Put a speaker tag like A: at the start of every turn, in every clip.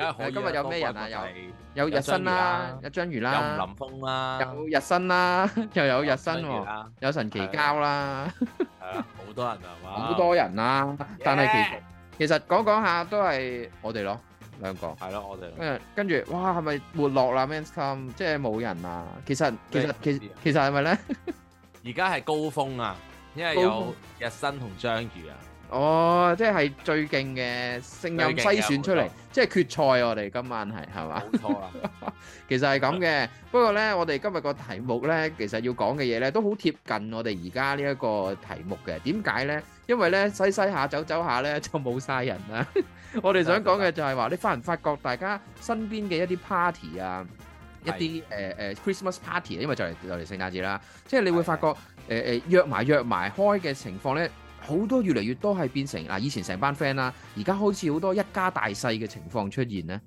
A: 今日有咩人啊？有有日新啦，
B: 有章魚啦，有林峰啦，有日新啦，又有日新喎，有神奇膠啦，好多人啊嘛，好多人啦，但係其實其實講講下都係我哋咯，
A: 兩個係咯，
B: 我哋，跟住哇係咪沒落啦？Men's Come，即係冇人啊？其實其實其其實係咪咧？
A: 而家係高峰啊，因為有日新同章魚啊。
B: 哦，即係最勁嘅，聲音篩選出嚟，即係決賽。我哋今晚係係嘛？冇錯啦。其實係咁嘅，不過呢，我哋今日個題目呢，其實要講嘅嘢呢，都好貼近我哋而家呢一個題目嘅。點解呢？因為呢，細細下走走下呢，就冇晒人啦。我哋想講嘅就係話，你發唔發覺大家身邊嘅一啲 party 啊，一啲誒誒 Christmas party，因為就嚟就嚟聖誕節啦。即係你會發覺誒誒約埋約埋開嘅情況呢。好多越嚟越多係變成嗱，以前成班 friend 啦、啊，而家開始好多一家大細嘅情況出現呢？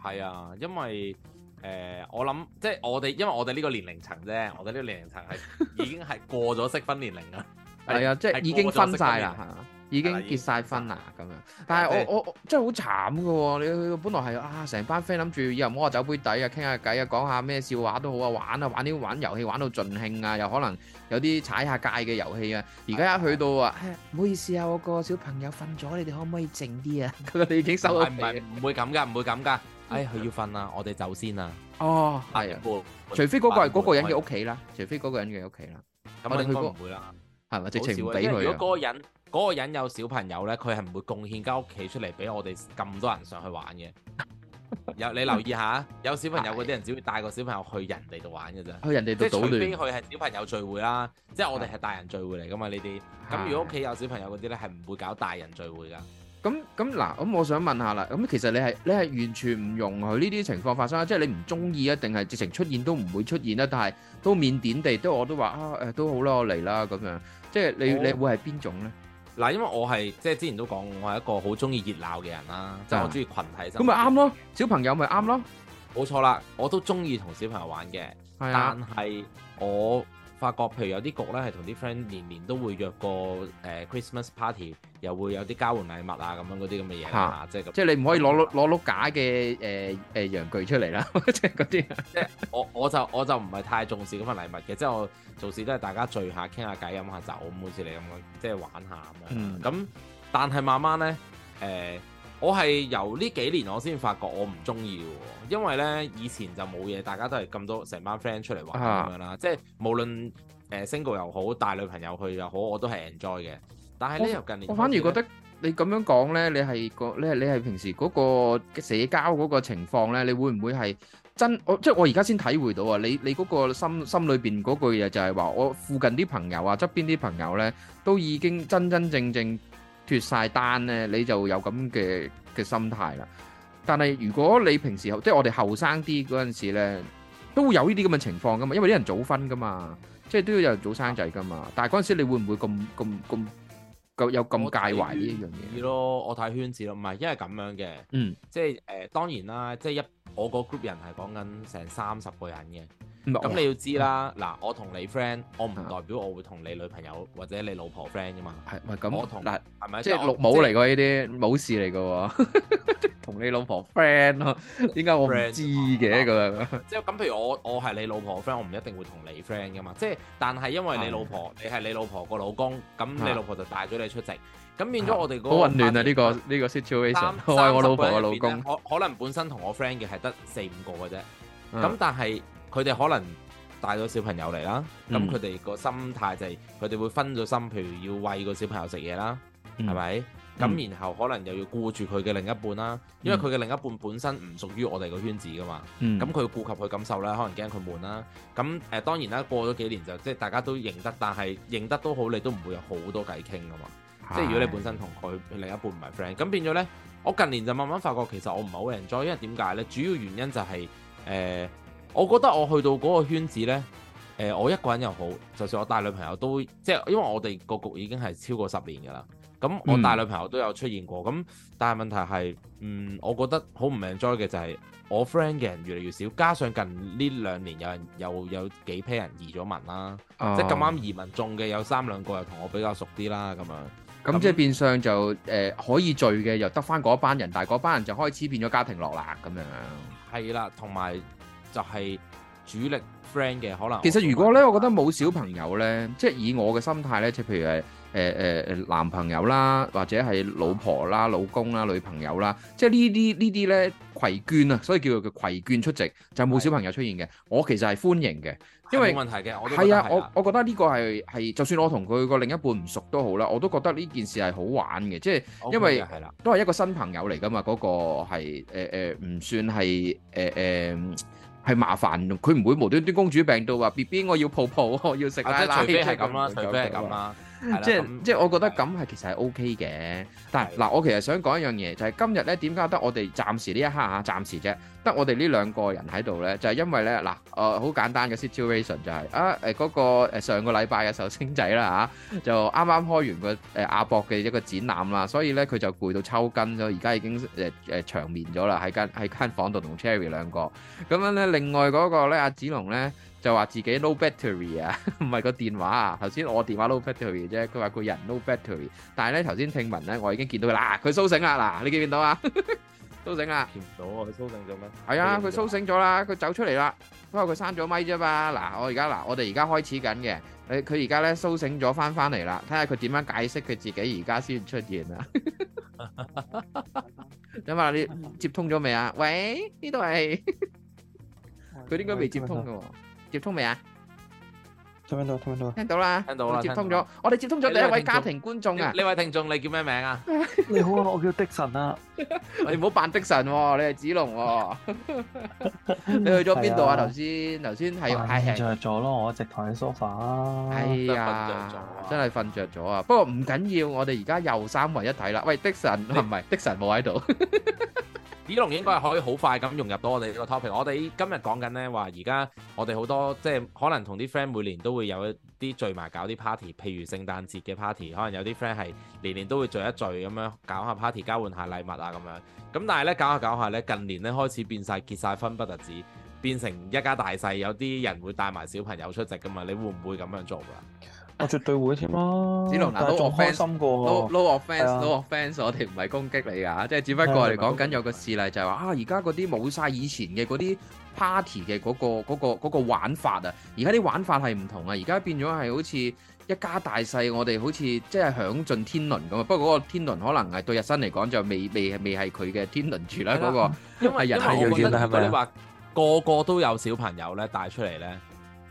A: 係啊，因為誒、呃，我諗即係我哋，因為我哋呢個年齡層啫，我哋呢個年齡層係 已經係過咗適婚年齡
B: 啦。係啊，即係已經分晒啦。 已經結曬婚啦，咁樣，但係我我我真係好慘嘅喎！你去到，本來係啊，成班 friend 諗住以後摸下酒杯底啊，傾下偈啊，講下咩笑話都好啊，玩啊，玩啲玩遊戲玩到盡興啊，又可能有啲踩下界嘅遊戲啊。而家一去到啊，唔好意思啊，我個小朋友瞓咗，你哋可唔可以靜啲啊？
A: 佢哋已經收咗尾，唔會咁噶，唔會咁噶。哎，佢要瞓啦，我哋走先啦。
B: 哦，
A: 係啊，除非嗰個係嗰個人嘅屋企啦，除非嗰個人嘅屋企啦，咁我哋應該唔會啦，係咪直情俾佢啊？如果嗰個人。嗰個人有小朋友呢，佢係唔會貢獻間屋企出嚟俾我哋咁多人上去玩嘅。 有你留意下，有小朋友嗰啲人只會帶個小朋友去人哋度玩嘅啫。去人哋度搗亂，即係佢係小朋友聚會啦，即係我哋係大人聚會嚟㗎嘛呢啲。咁如果屋企有小朋友嗰啲呢，係唔會搞大人聚會㗎。咁
B: 咁嗱，咁我想問下啦，咁其實你係你係完全唔容許呢啲情況發生啊？即係你唔中意啊，定係直情出現都唔會出現啊？但係都面點地都我都話啊、哎，都好啦，我嚟啦咁樣。即係你你，你會係邊種呢？
A: 嗱，因為我係即係之前都講，我係一個好中意熱鬧嘅人啦，即係的我中意群體心，咁咪啱咯，小朋
B: 友咪啱咯，嗯，
A: 冇錯啦，我都中意同小朋友玩嘅，的但係我。發覺譬如有啲局咧，係同啲 friend 年年都會約，過誒、呃、Christmas party，又會有啲交換禮物啊咁樣嗰啲咁嘅嘢啊，啊即係即係你唔可以
B: 攞碌攞到假嘅
A: 誒誒陽具出嚟啦， 那 即係嗰啲即係我我就我就唔係太重視嗰份禮物嘅，即係我做事都係大家聚下傾下偈飲下酒咁，好似你咁樣即係玩下咁樣。咁、嗯、但係慢慢咧誒。呃我係由呢幾年我先發覺我唔中意喎，因為呢以前就冇嘢，大家都係咁多成班 friend 出嚟玩咁樣啦，啊、即係無論、呃、single 又好，帶女朋友去又好，我都係 enjoy 嘅。但係呢，由我近年，我反而覺得
B: 你咁樣講呢，你係個你係你係平時嗰個社交嗰個情況呢，你會唔會係真？我即係我而家先體會到啊！你你嗰個心心裏邊嗰句嘢就係話，我附近啲朋友啊，側邊啲朋友呢，都已經真真正正。脫晒單咧，你就有咁嘅嘅心態啦。但係如果你平時即係我哋後生啲嗰陣時咧，都會有呢啲咁嘅情況噶嘛，因為啲人早婚噶嘛，即係都要有人早生仔噶嘛。但係嗰陣時你會唔會咁咁咁夠有咁介懷呢一樣
A: 嘢？咯，我睇圈子咯，唔係，因為咁樣嘅，嗯，即係誒、呃，當然啦，即係一。我個 group 人係講緊成三十個人嘅，咁你要知啦。嗱，我同你 friend，我唔代表我會同你女朋友或者你老婆 friend 噶嘛。
B: 係咪咁？嗱，
A: 係咪即係綠帽嚟㗎呢
B: 啲冇事嚟㗎？同你老婆 friend 咯，點解我 friend 知嘅？咁即
A: 係咁，譬如我我係你老婆 friend，我唔一定會同你 friend 噶嘛。即係但係因為你老婆，你係你老婆個老公，咁你老婆就帶咗你出席。咁變咗我哋個好混亂啊！呢個呢個 situation，我係我老婆嘅老公可能本身同我 friend 嘅係得四五個嘅啫。
C: 咁但
A: 係佢哋可能帶咗小朋友嚟啦，咁佢哋個心態就係佢哋會分咗心，譬如要餵個小朋友食嘢啦，係咪？咁然後可能又要顧住佢嘅另一半啦，因為佢嘅另一半本身唔屬於我哋個圈子噶嘛。咁佢顧及佢感受啦，可能驚佢悶啦。咁誒當然啦，過咗幾年就即係大家都認得，但係認得都好，你都唔會有好多偈傾噶嘛。即係如果你本身同佢另一半唔係 friend，咁變咗呢。我近年就慢慢發覺其實我唔係好 enjoy，因為點解呢？主要原因就係、是、誒、呃，我覺得我去到嗰個圈子呢，誒、呃、我一個人又好，就算我帶女朋友都，即係因為我哋個局已經係超過十年㗎啦。咁我帶女朋友都有出現過，咁、嗯、但係問題係，嗯，我覺得好唔 enjoy 嘅就係我 friend 嘅人越嚟越少，加上近呢兩年有人又有，有，有幾批人移咗民啦，哦、即係咁啱移民中嘅有三兩個又同我比較熟啲啦，咁樣。
B: 咁、嗯、即係變相就誒、呃、可以聚嘅又得翻嗰班人，但係嗰班人就開始變咗家庭樂啦
A: 咁樣。係啦，同埋就係主力 friend 嘅可能。其實如
B: 果咧，我覺得冇小朋友咧，即係以我嘅心態咧，即係譬如誒誒誒男朋友啦，或者係老婆啦、老公啦、女朋友啦，即係呢啲呢啲咧，攜眷啊，所以叫做嘅攜眷出席就冇、是、小朋友出現嘅，的我其實係歡迎嘅。
A: 因為，冇問題嘅，我係
B: 啊，我我覺得呢個係係，就算我同佢個另一半唔熟都好啦，我都覺得呢件事係好玩嘅，即係 Okay, 因為都係一個新朋友嚟噶嘛，嗰、嗰個係誒唔算係誒誒，係、呃呃、麻煩，佢唔會無端端公主病到話 B B 我要抱抱，我要食拉拉，即係咁啦，隨便係咁啦。即係即係， 就是、我覺得咁係其實係 O K 嘅。但係嗱的，我其實想講一樣嘢，就係、是、今日咧點解得我哋暫時呢一刻嚇、啊、暫時啫，得我哋呢兩個人喺度咧，就係、是、因為咧嗱，誒好簡單嘅 situation 就係、是、啊誒嗰、那個上個禮拜嘅壽星仔啦嚇、啊，就啱啱開完、那個誒、啊、阿博嘅一個展覽啦，所以咧佢就攰到抽筋咗，而家已經誒誒、呃呃、長眠咗啦，喺間喺間房度同 Cherry 兩個咁樣咧，另外嗰個咧阿、啊、子龍咧。就話自己 no battery 啊，唔係個電話啊。頭先我電話 no battery 啫，佢話個人 no battery。但係咧頭先聽聞咧，我已經見到佢啦，佢蘇醒啦嗱，你見唔見到啊？
A: 蘇醒啦？見唔到啊？佢蘇醒咗咩？係啊，佢
B: 蘇醒咗啦，佢走出嚟啦，不過佢閂咗咪啫嘛。嗱，我而家嗱，我哋而家開始緊嘅，誒，佢而家咧蘇醒咗翻翻嚟啦，睇下佢點樣解釋佢自己而家先出現啦。有冇啊？你接通咗未啊？喂，呢度係，佢應該未接通噶喎。接
C: 通未啊？聽唔到啊？聽唔到啊？聽
B: 到啦！聽到啦！接通咗，了我哋接通咗第一位家庭觀
A: 眾啊！呢位聽眾你叫咩名啊？ 你好啊，我
C: 叫日新啊。
A: 你唔好扮日新，
B: 你係紫龍，
C: 你去咗邊度啊？頭
B: 先頭先係瞓着
C: 咗咯。我直坐喺 sofa。係啊，真係瞓着咗啊！不過唔
B: 緊要，我哋而家又三位一體啦。喂，日新係咪日新冇喺度？
A: 紫龍應該係可以好快咁融入到我哋呢個 topic。我哋今日講緊呢話，而家我哋好多即係可能同啲 friend 每年都會有一啲聚埋搞啲 party，譬如聖誕節嘅 party，可能有啲 friend 係年年都會聚一聚咁樣搞下 party，交換下禮物啊。咁樣，咁、嗯、但係咧，搞下搞下咧，近年咧開始變晒，結晒婚不特止，變成一家大細，有啲人會帶埋小朋友出席噶嘛，你會唔會咁樣做㗎？我
C: 絕對會添啊！no offense，no
A: offense，我哋唔係攻擊你㗎，即係只不過我哋講緊有個事例
B: 就係、是、話啊，而家嗰啲冇晒以前嘅嗰啲 party 嘅嗰個嗰、那個那個、玩法啊，而家啲玩法係唔同啊，而家變咗係好似～一家大細，我哋好似即係享盡天倫咁啊！不過嗰個天倫可能係對日新嚟講就未未未係佢嘅天倫住啦嗰個，因為人因為我覺得要是是你話
A: 個個都有小朋友咧帶出嚟咧，誒、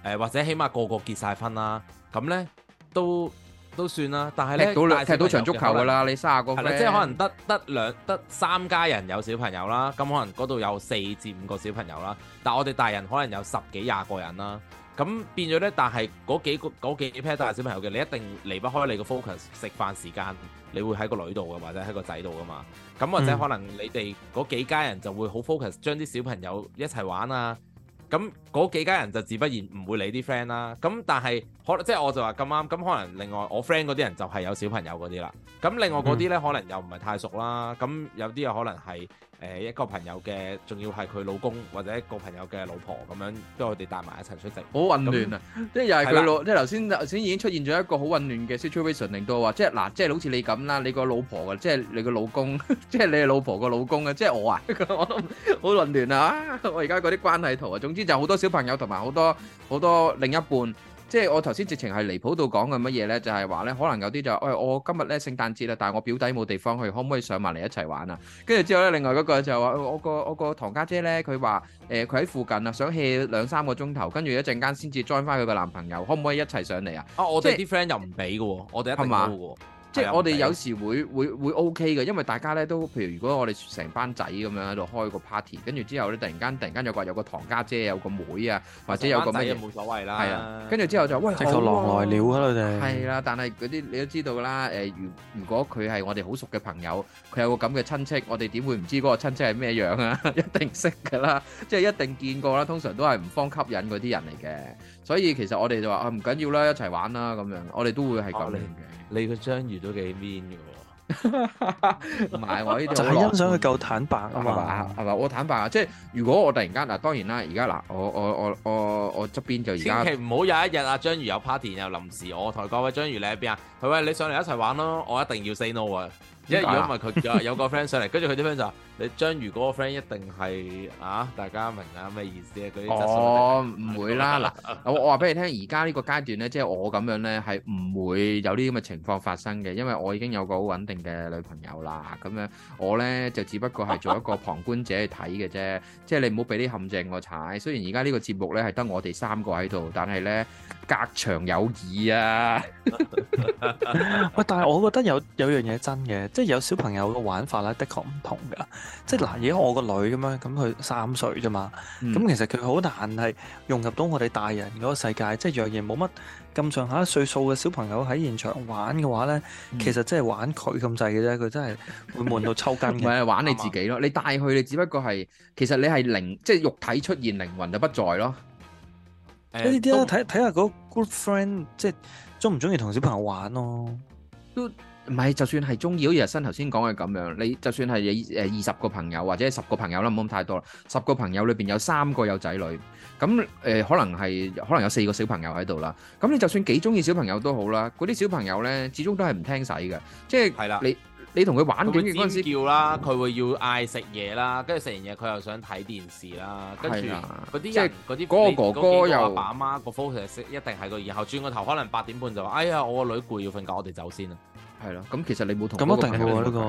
A: 呃、或者起碼個個結晒婚啦，咁咧都都算啦。但係你到踢到場足球噶啦，你卅個即係可能得得兩得三家人有小朋友啦，咁、嗯、可能嗰度有四至五個小朋友啦，但係我哋大人可能有十幾廿個人啦。咁變咗呢，但係嗰幾個嗰幾 pair 都係小朋友嘅，你一定離不開你個 focus。食飯時間，你會喺個女度嘅，或者喺個仔度㗎嘛。咁或者可能你哋嗰幾家人就會好 focus，將啲小朋友一齊玩啊。咁嗰幾家人就自不然唔會理啲 friend 啦、啊。咁但係可能即係我就話咁啱，咁可能另外我 friend 嗰啲人就係有小朋友嗰啲啦。咁另外嗰啲呢，嗯、可能又唔係太熟啦。咁有啲又可能係。誒，一個朋友嘅，仲要係佢老公或者一個朋友嘅老婆咁樣，俾我哋帶埋一齊出席，好混亂啊！
B: 即係又係佢老，
A: 即係頭先頭先已經出現咗一個好混亂嘅 situation，令到話即係
B: 嗱，即係好似你咁啦，你個老婆啊，即係你個老公，即係你老婆個老公啊！即係我啊，我都好混亂啊！我而家嗰啲關係圖啊，總之就好多小朋友同埋好多好多另一半。即係我頭先直情係離譜到講嘅乜嘢呢？就係話呢，可能有啲就誒、哎，我今日呢聖誕節啦，但係我表弟冇地方去，可唔可以上埋嚟一齊玩啊？跟住之後呢，另外嗰個就係話，我個我個堂家姐，姐呢，佢話誒佢喺附近啊，想 hea 兩三個鐘頭，跟住一陣間先至 join 翻佢個男朋友，可唔可以一齊上嚟啊？啊，我哋啲 friend
A: 又唔俾嘅喎，即我哋一定
B: 即係我哋有時會會會 OK 嘅，因為大家咧都譬如如果我哋成班仔咁樣喺度開個 party，跟住之後咧突然間突然間又話有個堂家姐，有個妹啊，或者有個咩，冇所謂啦。係啊，跟住之後就喂，直頭狼來了啊！佢哋係啦，但係嗰啲你都知道啦。誒，如如果佢係我哋好熟嘅朋友，佢有個咁嘅親戚，我哋點會唔知嗰個親戚係咩樣啊？一定識噶啦，即係一定見過啦。通常都係唔方吸引嗰啲人嚟嘅。所以其實我哋就話啊，唔緊要啦，一齊玩啦咁樣，我哋都會係咁嘅。你個章魚
A: 都幾 mean 嘅喎，
B: 唔 係我呢度就係欣賞
C: 佢夠坦白啊
B: 嘛。我坦白啊，即係如果我突然間嗱，當然啦，而家嗱，我我我我我側邊就而家千祈
A: 唔好有一日啊，章魚有 party 又臨時，我同各位章魚，你喺邊啊？佢話你上嚟一齊玩咯，我一定要 say no 啊！因係如果唔係佢有個 friend 上嚟，跟住佢啲 friend 就話：你章如果個 friend 一定係啊，大家明啊咩意思啊？嗰啲
B: 質素。哦，唔會 啦。嗱，我我話俾你聽，而家呢個階段咧，即、就、係、是、我咁樣咧，係唔會有啲咁嘅情況發生嘅，因為我已經有個好穩定嘅女朋友啦。咁樣我咧就只不過係做一個旁觀者去睇嘅啫。 即係你唔好俾啲陷阱我踩。雖然而家呢個節目咧係得我哋三個喺度，
C: 但係咧。隔牆有耳啊！喂，但係我覺得有有樣嘢真嘅，即係有小朋友嘅玩法咧，的確唔同㗎。即係嗱，而家我個女咁樣，咁佢三歲啫嘛，咁其實佢好難係融入到我哋大人嗰個世界。即係若然冇乜咁上下歲數嘅小朋友喺現場玩嘅話咧，其實即係玩佢咁滯嘅啫。佢真係會悶到抽筋。唔係玩你自己咯，你帶佢，你只
B: 不過係其實你係靈，即係肉體出現，靈魂就不在咯。呢啲睇睇下嗰 good friend 即係中唔中意同小朋友玩咯，哦。都唔係，就算係中意，好似日新頭先講嘅咁樣，你就算係誒二十個朋友或者十個朋友啦，唔好咁太多啦。十個朋友裏邊有三個有仔女，咁誒、呃、可能係可能有四個小朋友喺度啦。咁你就算幾中意小朋友都好啦，嗰啲小朋友咧始終都係唔聽使嘅，即係係啦，的你。你同佢玩完嗰陣時
A: 叫啦，佢會要嗌食嘢啦，跟住食完嘢佢又想睇電視啦，跟住嗰啲即係嗰啲哥哥哥又阿爸阿媽個 focus 一定係個，然後轉個頭可能八點半就話：哎呀，我個女攰要瞓覺，我哋走先啊！係咯，
B: 咁其實你冇同咁一定嘅嗰
A: 個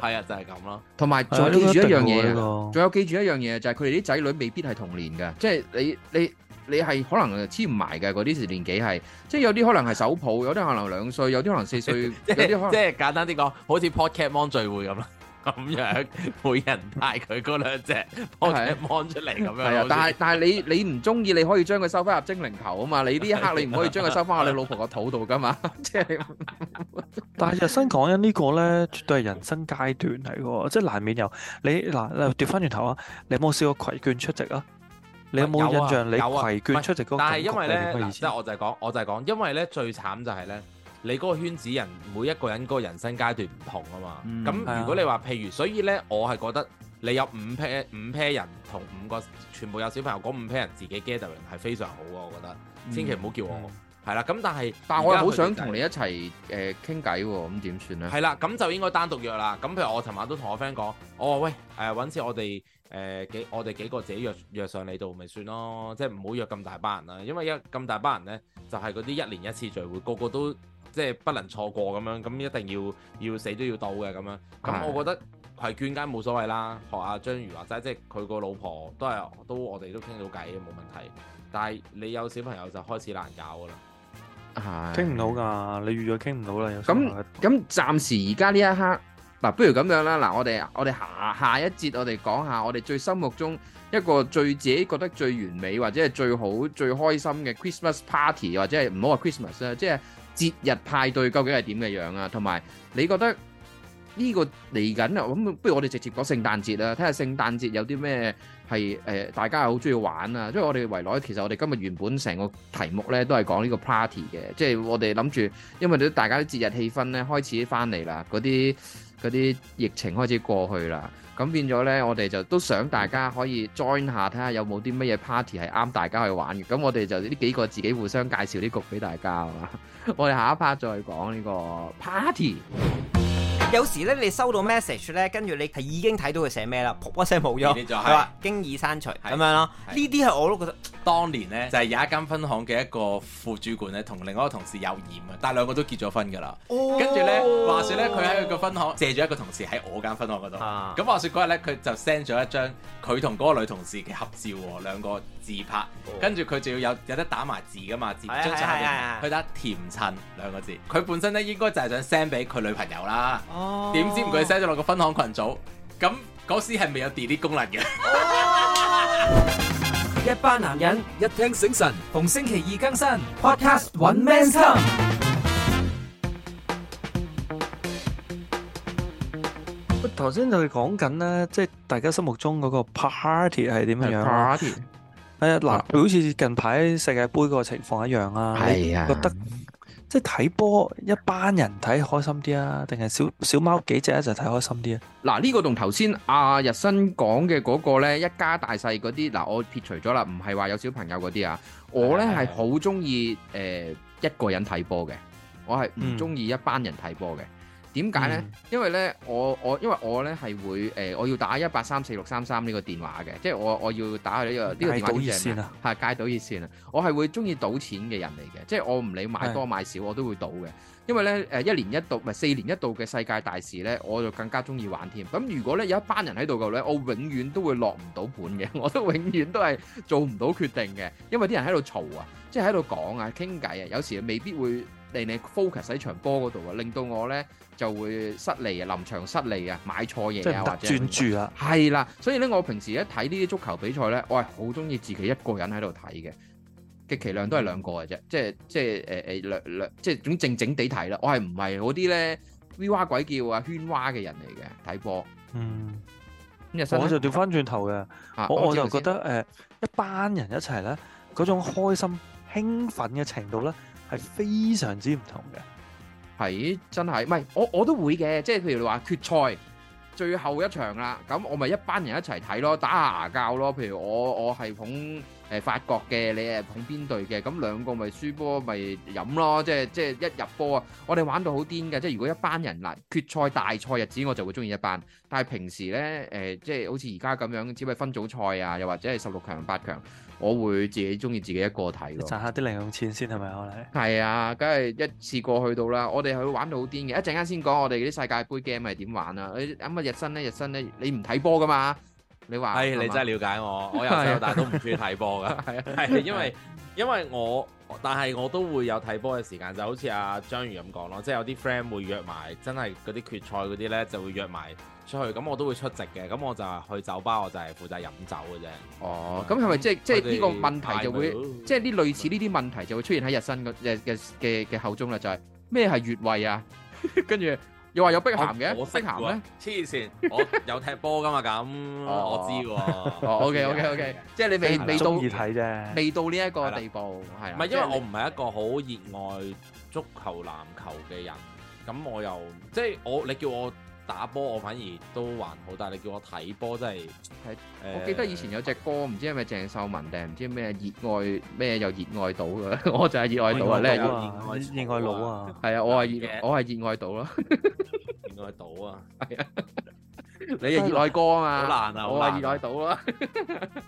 A: 係啊，就係咁咯。
B: 同埋仲記住一樣嘢仲有記住一樣嘢就係佢哋啲仔女未必係同年嘅，即係你你。你係可能黐唔埋嘅，嗰啲時年紀係，即係有啲可能係手抱，有啲可能兩歲，有啲可能四歲，即係
A: 簡單啲講，好似 Podcast Mon 聚會咁啦，咁樣每人帶佢嗰兩隻 Podcast Mon 出嚟咁樣。係啊，但係
B: 但係你你唔中意，你可以將佢收翻入精靈球啊嘛，你呢一刻你唔可以將佢收翻入你老婆個肚度噶嘛，即係。
C: 但係日新講緊呢個咧，絕對係人生階段嚟喎，即係難免又你嗱掉翻轉頭啊，你有冇試過攜眷出席啊？你有冇印象？有啊，出席，但係因為咧，即係
A: 我就係講，我就係講，因為咧最慘就係咧，你嗰個圈子人每一個人嗰個人生階段唔同啊嘛。咁如果你話譬如，所以咧，我係覺得你有五 pair 五 pair 人同五個全部有小朋友嗰五 pair 人自己 gather 人係非常好啊！我覺得，千祈唔好叫我係啦。咁但係，但係我又好想同你
B: 一齊誒傾偈喎。咁點算咧？係啦，
A: 咁就應該單獨約啦。咁譬如我尋晚都同我 friend 講，我話喂誒揾次我哋。誒、呃、幾我哋幾個自己約約上你度咪算咯，即係唔好約咁大班人啦，因為一咁大班人咧就係嗰啲一年一次聚會，個個都即係不能錯過咁樣，咁一定要要死都要到嘅咁樣，咁的我覺得係圈間冇所謂啦，學阿章魚或者即係佢個老婆都係都我哋都傾到偈冇問題，但係你有小朋友就開始難搞噶啦，
C: 係傾唔到㗎，你預咗傾唔到啦，有咁咁
B: 暫時而家呢一刻。嗱、啊，不如咁樣啦，嗱，我哋我哋下下一節我哋講下我哋最心目中一個最自己覺得最完美或者係最好最開心嘅 Christmas party 或者係唔好話 Christmas 啦，Christmas，即係節日派對究竟係點嘅樣啊？同埋你覺得呢個嚟緊啊？咁不如我哋直接講聖誕節啦，睇下聖誕節有啲咩係誒大家好中意玩啊？因為我哋圍內其實我哋今日原本成個題目咧都係講呢個 party 嘅，即係我哋諗住，因為都大家啲節日氣氛咧開始翻嚟啦，嗰啲。嗰啲疫情開始過去啦，咁變咗呢，我哋就都想大家可以 join 下，睇下有冇啲乜嘢 party 係啱大家去玩嘅。咁我哋就呢幾個自己互相介紹啲局俾大家啦。 我哋下一 part 再講呢個 party。
A: 有時咧，你收到 message 咧，跟住你係已經睇到佢寫咩啦，噗一聲冇咗，係啦，經已刪除咁樣咯。呢啲係我都覺得，當年咧就係有一間分行嘅一個副主管咧，同另外一個同事有染啊，但係兩個都結咗婚㗎啦。跟住咧話說咧，佢喺佢個分行借咗一個同事喺我間分行嗰度。咁、啊、話說嗰日咧，佢就 send 咗一張佢同嗰個女同事嘅合照喎，兩個自拍，跟住佢仲要有有得打埋字噶嘛？字張張下面佢打甜襯兩個字，佢本身咧應該就係想 send 俾佢女朋友啦。哦，點知唔佢 send 咗落個分行群組，咁嗰時係未有 delete 功能嘅。Oh. 一班男人一聽醒神，逢
B: 星期二更新 Podcast Men's Come。
C: 我頭先就係講緊啦，即係大家心目中嗰個 party 係點樣啊？ 係啊，嗱，好似近排世界盃個情況一樣啊。係啊，覺得即係睇波，一班人睇開心啲啊，定係小小貓幾隻，啊、就睇開心啲啊？嗱、啊，呢個同頭先阿日新講
B: 嘅嗰個咧，一家大細嗰啲，嗱、啊，我撇除咗啦，唔係話有小朋友嗰啲啊。啊，我咧係好中意誒一個人睇波嘅，我係唔中意一班人睇波嘅。嗯。點解呢？因為呢，我我因為我呢係會誒、呃，我要打一八三四六三三呢個電話嘅，即係我我要打呢、個呢個電話熱線啊，吓戒賭熱線啊，我係會中意賭錢嘅人嚟嘅，即係我唔理買多買少，我都會賭嘅。因為呢，誒一年一度唔四年一度嘅世界大事呢，我就更加中意玩添。咁如果呢有一班人喺度嘅呢，我永遠都會落唔到盤嘅，我都永遠都係做唔到決定嘅，因為啲人喺度嘈啊，即係喺度講啊，傾偈啊，有時未必會。令你 focus 喺場波嗰度啊，令到我咧就會失利啊，臨場失利啊，買錯嘢啊，或者專
C: 注啊，
A: 係啦。
B: 所以咧，我平時一睇呢啲足球比賽咧，我係好中意自己一個人喺度睇嘅，極其量都係兩個嘅啫，即係即係誒誒兩兩，即係總正正地睇啦。我係唔係嗰啲咧 v 哇鬼叫啊喧嘩嘅人嚟嘅睇波，
C: 嗯，我就掉翻轉頭嘅，我我就覺得誒一班人一齊咧嗰種開心興奮嘅程度咧。係非常之唔同嘅，係真係，唔係
B: 我我都會嘅。即係譬如你話決賽最後一場啦，咁我咪一班人一齊睇咯，打下牙鉸咯，譬如我我係捧。誒法國嘅，你誒捧邊隊嘅？咁兩個咪輸波咪飲咯，即係即係一入波啊！我哋玩到好癲嘅，即係如果一班人嚟決賽大賽日子，我就會中意一班。但係平時咧誒、呃，即係好似而家咁樣，只係分組賽啊，又或者係十六強、八強，我會自己中意自己一個睇。賺下啲零用錢先係咪啊？係啊，梗係一次過去到啦。我哋係會玩到好癲嘅，一陣間先講我哋啲世界盃 game 係點玩啦。啱啊！日新咧，日新咧，你唔睇波噶嘛？你
A: 話係你真係了解我，我由細到大都唔中意睇波㗎，係、啊啊啊、因為因為我，但係我都會有睇波嘅時間，就好似阿章魚咁講咯，即係有啲 friend 會約埋，真係嗰啲決賽嗰啲咧就會約埋出去，咁我都會出席嘅，咁我就係去酒吧，我就係負責飲酒嘅啫。哦，
B: 咁係咪即係即係呢個問題就會，即係啲類似呢啲問題就會出現喺日新嘅嘅嘅嘅口中啦，就係咩係越位啊，跟住。
A: 你話有碧咸嘅？我識鹹咩？黐線！我有踢波噶嘛？咁 我知喎。Oh, OK OK OK， 即係你未未到 未到呢一個地步係。唔係因為我唔係一個好熱愛足球籃球嘅人，咁、嗯、我又即係我你叫我。打波我反而都還好，但係你叫我睇波真係，
C: 我記得以
B: 前有隻歌，唔知係咪鄭秀文定唔知咩熱愛咩又熱愛島嘅，我就係熱愛島啊！你係熱愛熱
C: 愛佬啊！
B: 係啊，我係熱我係熱愛島啦，
A: 熱愛島啊！
C: 你係熱愛歌啊嘛，好難啊！我係熱愛島啦，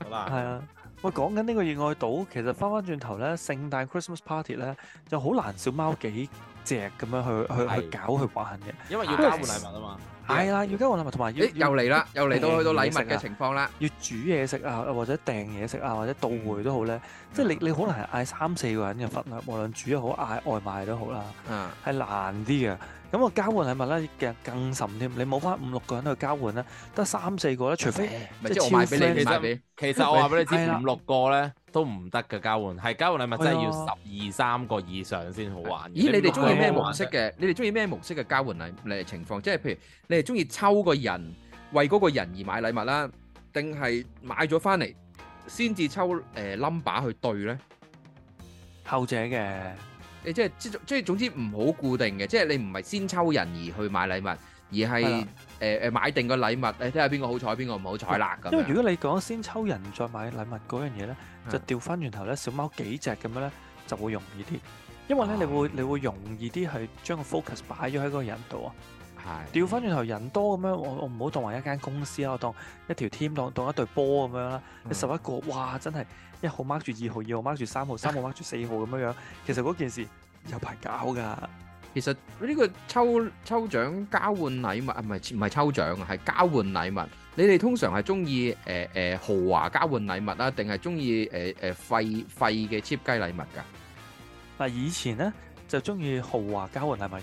C: 好難。係啊，喂，講緊呢個熱愛島，其實翻翻轉頭咧，聖誕 Christmas Party 咧就好難，小貓幾隻咁樣去去去搞去玩嘅，因為要交換禮物啊嘛。係啦，要交換禮物，同埋誒又嚟啦，又嚟到去到禮物嘅情況啦。要煮嘢食啊，或者訂嘢食啊，或者到會都好咧。即係你你可能係嗌三四個人嘅份量，無論煮又好嗌外賣都好啦。嗯，係難啲嘅。咁我交換禮物咧，其實更甚添。你冇翻五六個人去交換咧，得三四個咧，除非即係超 friend。其實我話俾你知，五六
A: 個咧。都唔得嘅交換，係交換禮物真係要十二三個以上先好玩。咦？你哋中意咩模
B: 式嘅？ 你哋中意咩模式嘅交換禮物情況？即係譬如你係中意抽個人為嗰個人而買禮物啦，定係買咗翻嚟先至抽誒 number、呃、去對咧？後者嘅，你即係即即係總之唔好固定嘅，即係你唔係先抽人而去買禮物。而係誒誒買定個禮物，你睇下邊個好彩，邊個唔好彩啦咁。因為如
C: 果你講先抽人再買禮物嗰樣嘢咧，就調翻轉頭咧，小貓幾隻咁樣咧，就會容易啲。因為咧，你會你會容易啲去將個 focus 擺咗喺嗰個人度啊。係。調翻轉頭人多咁樣，我我唔好當為一間公司啊，我當一條 team，當當一隊波咁樣啦。你十一個，哇！真係一號 mark 住，二號二號 mark 住，三號三號 mark 住，四號咁樣樣。其實嗰件事有排搞㗎。其實呢個抽抽
B: 獎交換禮物啊，唔係唔係抽獎，係交換禮物，換禮物。你哋通常係中意誒誒豪華交換禮物啊，定係中意誒誒廢廢嘅 cheap 雞禮物噶？
C: 嗱，以前咧就中意豪華交換禮物嘅，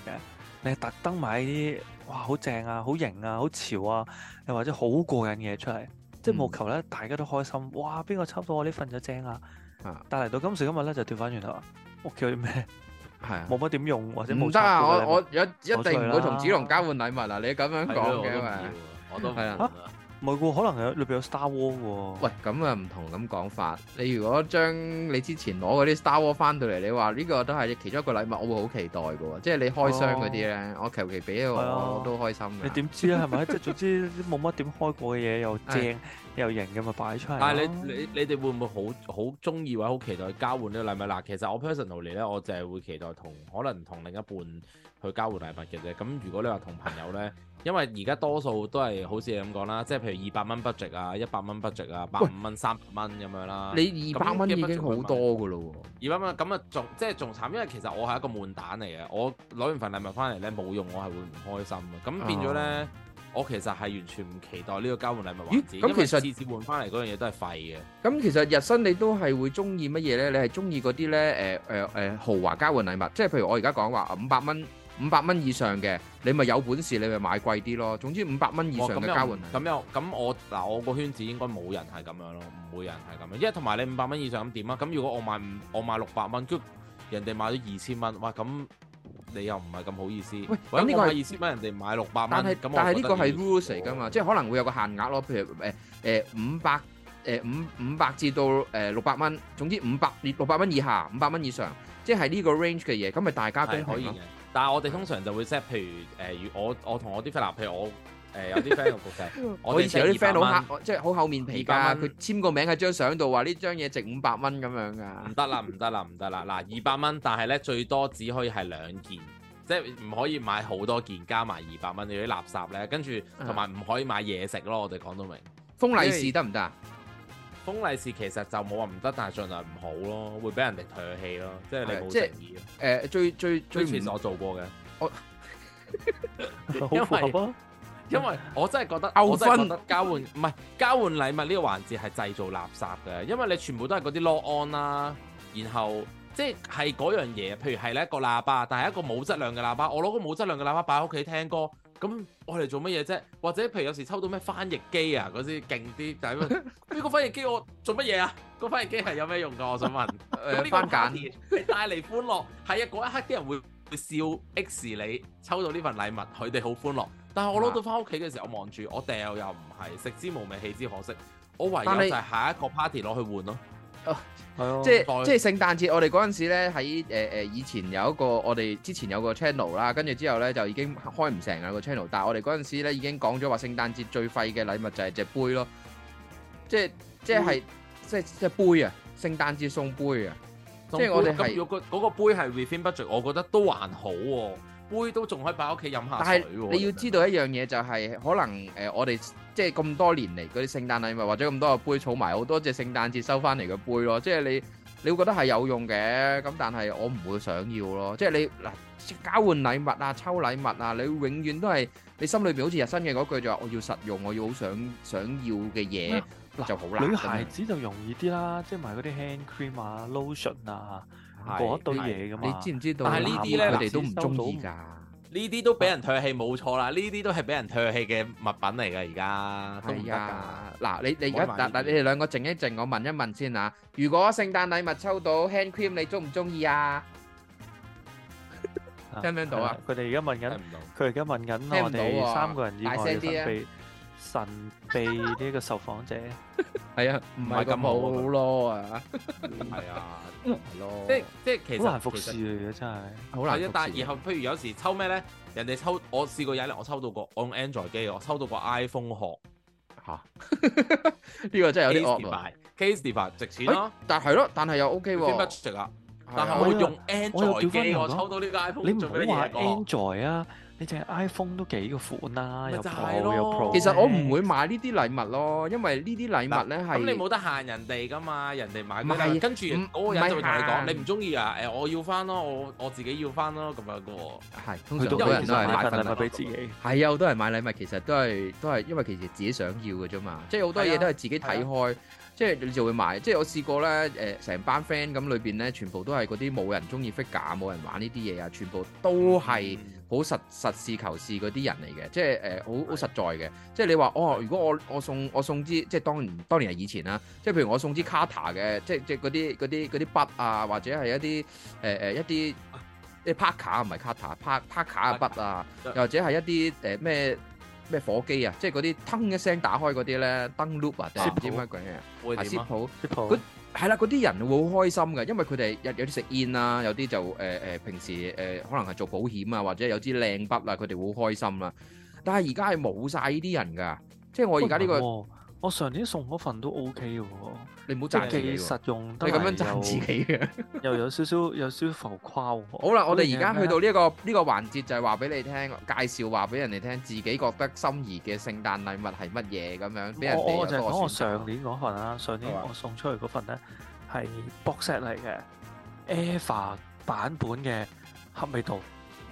C: 你特登買啲哇好正啊，好型啊，好潮啊，又或者好過癮嘢出嚟，即係務求咧大家都開心。嗯、哇，邊個抽到我呢份就正啊？啊！但嚟到今時今日咧就掉翻轉頭，屋企有啲咩？係啊，冇乜點用，或者冇。唔得啊！我我若一定唔會同子龍
B: 交換禮物嗱、啊，你咁樣講嘅係咪？我都係啊。
C: 唔係喎，可能係裏邊有 Star
B: Wars 喎。喂，咁啊唔同咁講法。你如果將你之前攞嗰啲 Star Wars 翻到嚟，你話呢個都係其中一個禮物，我會好期待嘅喎。即係你開箱嗰啲咧，哦、我求其俾一
C: 個我、啊、我都開心嘅。你點知啊？係咪？即係總之冇乜點開過嘅嘢又正又型㗎嘛，擺出嚟。但係你你
A: 你哋會唔會好好中意或者好期待交換呢個禮物？嗱，其實我 personally 咧，我就係會期待同可能同另一半去交換禮物嘅啫。咁如果你話同朋友咧？因為而家多數都係好似你咁講啦，即係譬如二百蚊 budget 啊，一百蚊 budget 啊，百五蚊、三百蚊咁樣啦。你二百蚊已經
B: 好、嗯、多嘅咯喎！
A: 二百蚊咁啊，仲即係仲慘，因為其實我係一個悶蛋嚟嘅，我攞完份禮物翻嚟咧冇用，我係會唔開心嘅。咁變咗咧，啊、我其實係完全唔期待呢個交換禮物。咁其實次次換翻嚟嗰樣嘢都係廢嘅。
B: 咁其實日新你都係會中意乜嘢咧？你係中意嗰啲咧？誒誒誒豪華交換禮物，即係譬如我而家講話五百蚊。五百蚊以上嘅，你咪有本事，你咪買貴啲咯。總之五百蚊以上嘅交換。
A: 咁、哦、樣咁我嗱，我個圈子應該冇人係咁樣咯，唔會人係咁樣，因為同埋你五百蚊以上咁點啊？咁如果我買唔我買六百蚊，咁人哋買咗二千蚊，哇！咁你又唔係咁好意思喂？咁呢個係二千蚊人哋買六百蚊，但係是呢個係
B: rules 嚟㗎嘛？即係、哦、可能會有個限額咯。譬如誒誒五百誒五五百至到誒六百蚊，總之五百六百蚊以下五百蚊以上，即係呢個 range 嘅嘢，咁咪大家都可以。
A: 但係我哋通常就會 set，譬如誒，如、呃、我我同我啲 friend 譬如我誒、呃、有啲 friend 嘅局勢， 我，我以前有啲 friend 好即係好厚面
B: 皮。二百蚊佢簽個名喺張相度，話呢張嘢值五百蚊咁樣噶。唔得
A: 啦，唔得啦，唔得啦！嗱，二百蚊，但係咧最多只可以係兩件，即係唔可以買好多件加埋二百蚊啲垃圾咧。跟住同埋唔可以買嘢食咯，我哋講到明。
B: 嗯、封利是
A: 得唔得啊？Okay. 封利是其實就冇話唔得，但係盡量唔好咯，會俾人哋唾棄咯，即係你冇誠意。誒，最最最唔，我做過嘅。我因為因為我真係覺得，我真係覺得交換唔係交換禮物呢個環節係製造垃圾嘅，因為你全部都係嗰啲 low on 啦，然後即係係嗰樣嘢，譬如係一個喇叭，但係一個冇質量嘅喇叭，我攞個冇質量嘅喇叭擺喺屋企聽歌。咁我嚟做乜嘢啫？或者譬如有時抽到咩翻譯機啊嗰啲勁啲，就係呢個翻譯機我做乜嘢啊？個翻譯機係有咩用噶？我想問，誒，翻你帶嚟歡樂係啊！嗰一刻啲人會會笑 X 你抽到呢份禮物，佢哋好歡樂。但係我攞到返屋企嘅時候，我望住我掉又唔係，食之無味棄之可惜，我唯有就係下一個 party 攞去換咯、啊。係咯， 即係即係
B: 聖誕節，我哋嗰陣時咧喺，誒誒以前有一個我哋之前有個 channel 啦，跟住之後咧就已經開唔成啦，個 channel，但係我哋嗰陣時咧已經講咗話聖誕節最廢嘅禮物就係隻杯咯，即係即係杯即係即係杯啊！聖誕節送杯啊！杯即係我哋係
A: 個嗰個杯係 refin budget 我覺得都還好喎，啊。杯都仲可以擺喺屋企飲下水喎。但係你要知道
B: 一樣嘢就係、是，可能誒、呃、我哋即係咁多年嚟嗰啲聖誕禮物或者咁多個杯儲埋好多隻聖誕節收翻嚟嘅杯咯，即係你你會覺得係有用嘅，咁但係我唔會想要咯。即係你嗱交換禮物啊、抽禮物啊，你永遠都係你心裏邊好似日新嘅嗰句就話我要實用，我要好想想要嘅嘢
C: 麼就好啦。女孩子就容易啲啦，即係買嗰啲 hand cream 啊、lotion 啊。係，你知唔知道？但係呢啲咧，你都唔中意噶。呢啲都俾人唾棄
A: 冇錯啦，呢啲都係俾人唾棄嘅物品嚟噶而家，係啊。嗱，你你而
B: 家嗱嗱，你哋兩個靜一靜，我問一問先吓。如果聖誕禮物抽到 hand cream，你中唔中意啊？
C: 聽唔聽到啊？佢哋而家問緊，聽唔到，佢而家問緊我哋三個人以外嘅粉貝。神秘呢個受訪者，係啊，唔係咁好咯啊，係啊，係咯，即即其實好難複製嘅真係，好難複製。但然後
A: 譬如有時抽咩咧，人哋抽，我試過有一次我抽到個，我用 Android 機，我抽到個 iPhone 殼，
C: 嚇，呢個真係有
A: 啲惡。Case 值錢咯，但係咯，但係又 OK 喎，too much 值啦。但係我用 Android 機，我抽到呢個 iPhone，你唔好話 Android
C: 啊。你淨係 iPhone
B: 都幾個款啦，啊，有 Pro 有 Pro，其實我唔會買呢啲禮物咯，因為呢啲禮
C: 物咧係咁，你冇
A: 得限人哋噶嘛，人哋買是跟住嗰個人就會同你講，是你唔中意啊？誒，我要翻咯，我我自己要翻咯咁樣噶喎。
C: 係，通常都係人都係買份禮物俾自己。
B: 係啊，好多人買禮物其實都係都係因為其實自己想要嘅啫嘛，即係好多嘢
C: 都
A: 係自己
B: 睇開。即係你就會買，即係我試過咧，誒、呃、成班 friend 咁裏邊咧，全部都係嗰啲冇人鍾意 figure，冇人玩呢啲嘢啊，全部都係好實實事求是嗰啲人嚟嘅，即係誒好好實在嘅。即係你話哦，如果我我送我送支，即係當,當年當年係以前啦，即係譬如我送支卡嘅，即即嗰啲啲啲筆啊，或者係一啲誒誒一啲啲 parker 唔係卡塔，parker 嘅筆啊，又或者係一啲誒咩？呃咩火機啊，即係嗰啲噔一聲打開嗰啲咧燈籠啊，唔知乜鬼嘢啊，師傅，佢係啦，嗰啲那、啊、人會好開心嘅，因為佢哋有有啲食煙啦，有啲、啊、就誒誒、呃、平時誒、呃、可能係做保險啊，或者有支靚筆啊，佢哋會好開心啦、啊。但係而家係冇晒呢啲人㗎，即係我而家呢個。我上年送嗰份
C: 都 O K 嘅喎，你唔好讚自己，實用得，你咁樣讚自己嘅，又有少少有少少浮誇喎。好啦，我哋而家去到
B: 呢個呢個環節，就係話俾你聽，介紹話俾人哋聽，自己覺得心儀嘅聖誕禮物係乜嘢咁樣，俾人哋一個選擇。我我就係講我上
C: 年嗰份啦，上年我送出去嗰份咧係 box set 嚟嘅，EVA 版本嘅黑味道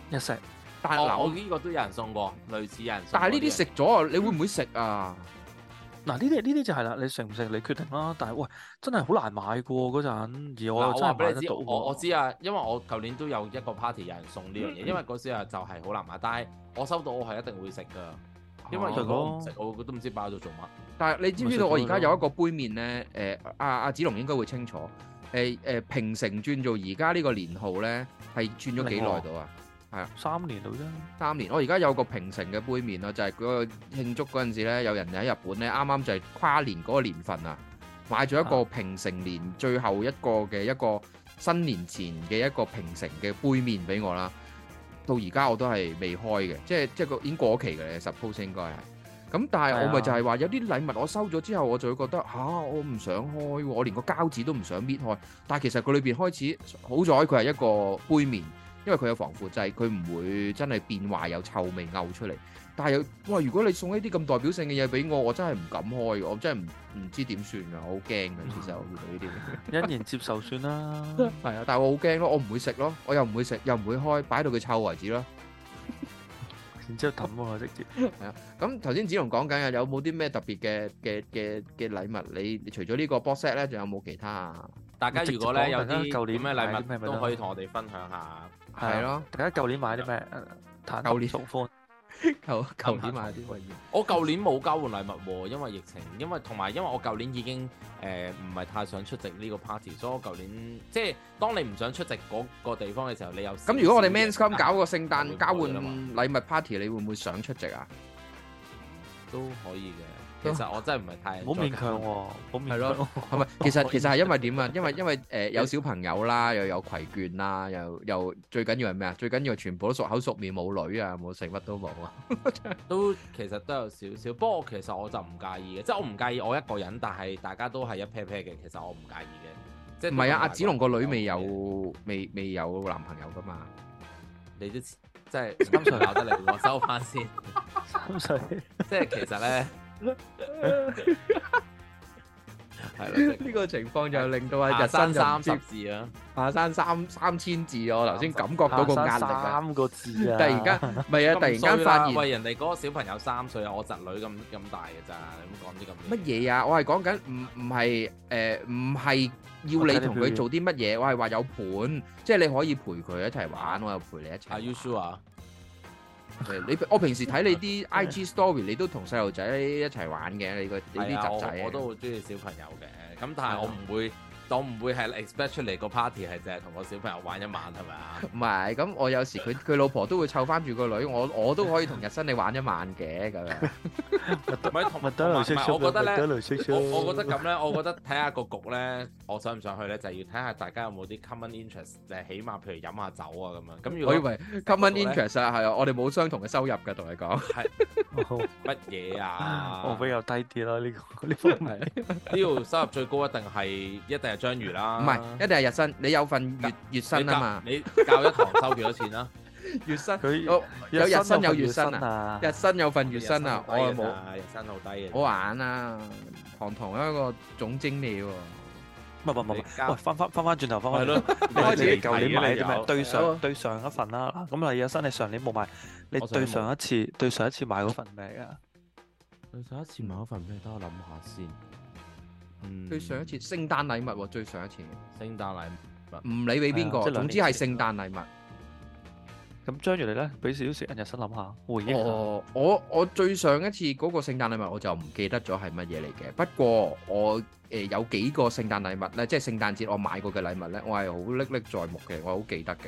C: 一食，但係我呢
A: 個都有人送過，類似有人，但係呢啲
C: 食咗，你會唔會食啊？嗱呢啲呢啲就係啦，你食唔食你決定啦。但係喂，真係好難買嘅喎嗰陣，而我真係買得到喎。我知
A: 啊，因為我舊年都有一個 party 有人送呢樣嘢，嗯、因為嗰時啊就係好難買。但係我收到我係一定會食嘅，
B: 因為如果唔食、
A: 啊、我，我都唔知擺喺度做乜。
B: 但係你知唔知道我而家有一個杯麵咧？誒、呃，阿、啊、阿、啊、紫龍應該會清楚。誒、呃、誒、呃，平成轉做而家呢個年號咧，係轉咗幾耐到啊？係啊，三年到啫。三年，我而家有個平成嘅杯麵咯，就係、是，嗰個慶祝嗰陣時咧，有人喺日本咧，啱啱就係跨年嗰個年份啊，買咗一個平成年最後一個嘅一個新年前嘅一個平成嘅杯麵俾我啦。到而家我都係未開嘅，即係即係個已經過期嘅咧，suppose 應該係。咁但係我咪就係話有啲禮物我收咗之後，我就會覺得吓、啊，我唔想開，我連個膠紙都唔想搣開。但係其實佢裏邊開始好彩佢係一個杯麵。因為佢有防腐劑，佢唔會真係變壞，有臭味嘔出嚟。但係又哇，如果你送呢啲咁代表性嘅嘢俾我，我真係唔敢開，我真係唔唔知點算噶，我好驚噶。其實我見到呢啲，
C: 欣然接受算啦。係啊，但係我
B: 好驚咯，我唔會食咯，我又唔會食，又唔會開，擺到佢臭為止咯。然之後抌啊，直接係啊。咁頭先紫龍講緊啊，有冇啲咩特別嘅嘅嘅嘅禮物？你你除咗呢個 boxset 咧，仲有冇其他啊？大家如果咧有啲舊年嘅禮物，係咪都
A: 可以同我哋分享下。
C: 係咯，大家舊年買啲咩？舊年束花，舊舊年， 年買啲乜嘢？
A: 我舊年冇交換禮物喎，因為疫情，因為同埋因為我舊年已經誒唔係太想出席呢個 party，所以我舊年即係，當你唔想出席嗰個地方嘅時候，你又咁，如果我哋 men’s come 搞個
B: 聖誕 交換禮物 party，你會唔會想出席啊？
A: 都可以嘅。其實我真係唔係太，好勉強，係咯，
B: 係咪？其實其實係因為點啊？因為因為誒有小朋友啦，又有攜眷啦，又又最緊要係咩啊？最緊要係全部都熟口熟面冇女啊，冇食乜都冇啊！
A: 都其實都有少少，不過其實我就唔介意嘅，即係我唔介意我一個人，但係大家都係一 pair pair 嘅，其實我唔介意嘅。
B: 即係唔係啊？阿紫龍個女未有未未有男朋友噶嘛？你
A: 都即係三歲鬧得嚟，我收翻
B: 先。
C: 三
B: 歲，即係其實咧。係啦，呢個情況就令到啊，日新三千字啦，日新三三千字，我頭先感覺到個壓力，三個字啊，突然間，唔係啊，突然間發現，喂，
A: 人哋嗰個小朋友三歲，我侄女咁咁大嘅咋，咁講啲咁
B: 乜嘢啊？我係講緊，唔唔係誒，唔係要你同佢做啲乜嘢，我係話有盤，即係你可以陪佢一齊玩，我又陪你一齊玩。Are you sure 啊？你 我平時睇你啲 IG story，你都同細路仔一齊玩嘅，你個啲侄仔。我都好
A: 中意小朋友嘅，咁但係我唔會。 我唔會係 expect 出嚟個 party 係淨係同個小朋友玩一晚係咪啊？
B: 唔係，咁我有時佢佢老婆都會湊翻住個女，我我都可以同日新你玩一晚嘅咁樣。同埋同埋，我覺得我覺得咁咧，我覺
A: 得睇下個局咧，我想唔想去咧，就係要睇下大家有冇啲 common interest，誒，起碼譬如飲下酒啊咁樣。咁如果我以為 common interest
B: 係啊，我哋冇相同嘅收入嘅，同你
A: 講係乜嘢啊？我比較低啲咯，呢個呢個問題。呢度收入最高一定係一定。章魚啦，唔係
B: 一定係日薪，你有份月
A: 月薪啊嘛？你教一堂收幾
B: 多錢啊？月薪有日薪有月薪啊？日薪有份月薪啊？我又冇日薪好低啊！好玩啊！堂堂一
C: 個總經理喎，唔係唔係唔係，喂，翻翻翻翻轉頭翻去囉，你你舊年買嘅咩？對上對上一份啦，咁嚟日新你上年冇買，你對上一次對上一次買嗰份咩
A: 啊？對上一次買嗰份咩？等我諗下先。最上
B: 一次聖誕禮物，最上一次聖誕禮物唔理俾邊個，總之係聖
C: 誕禮物。咁章魚你咧俾少少時間，日新諗下回憶。哦，
B: 我我最上一次嗰個聖誕禮物，我就唔記得咗係乜嘢嚟嘅。不過我誒有幾個聖誕禮物咧，即係聖誕節我買過嘅禮物咧，我係好歷歷在目嘅，我好記得嘅。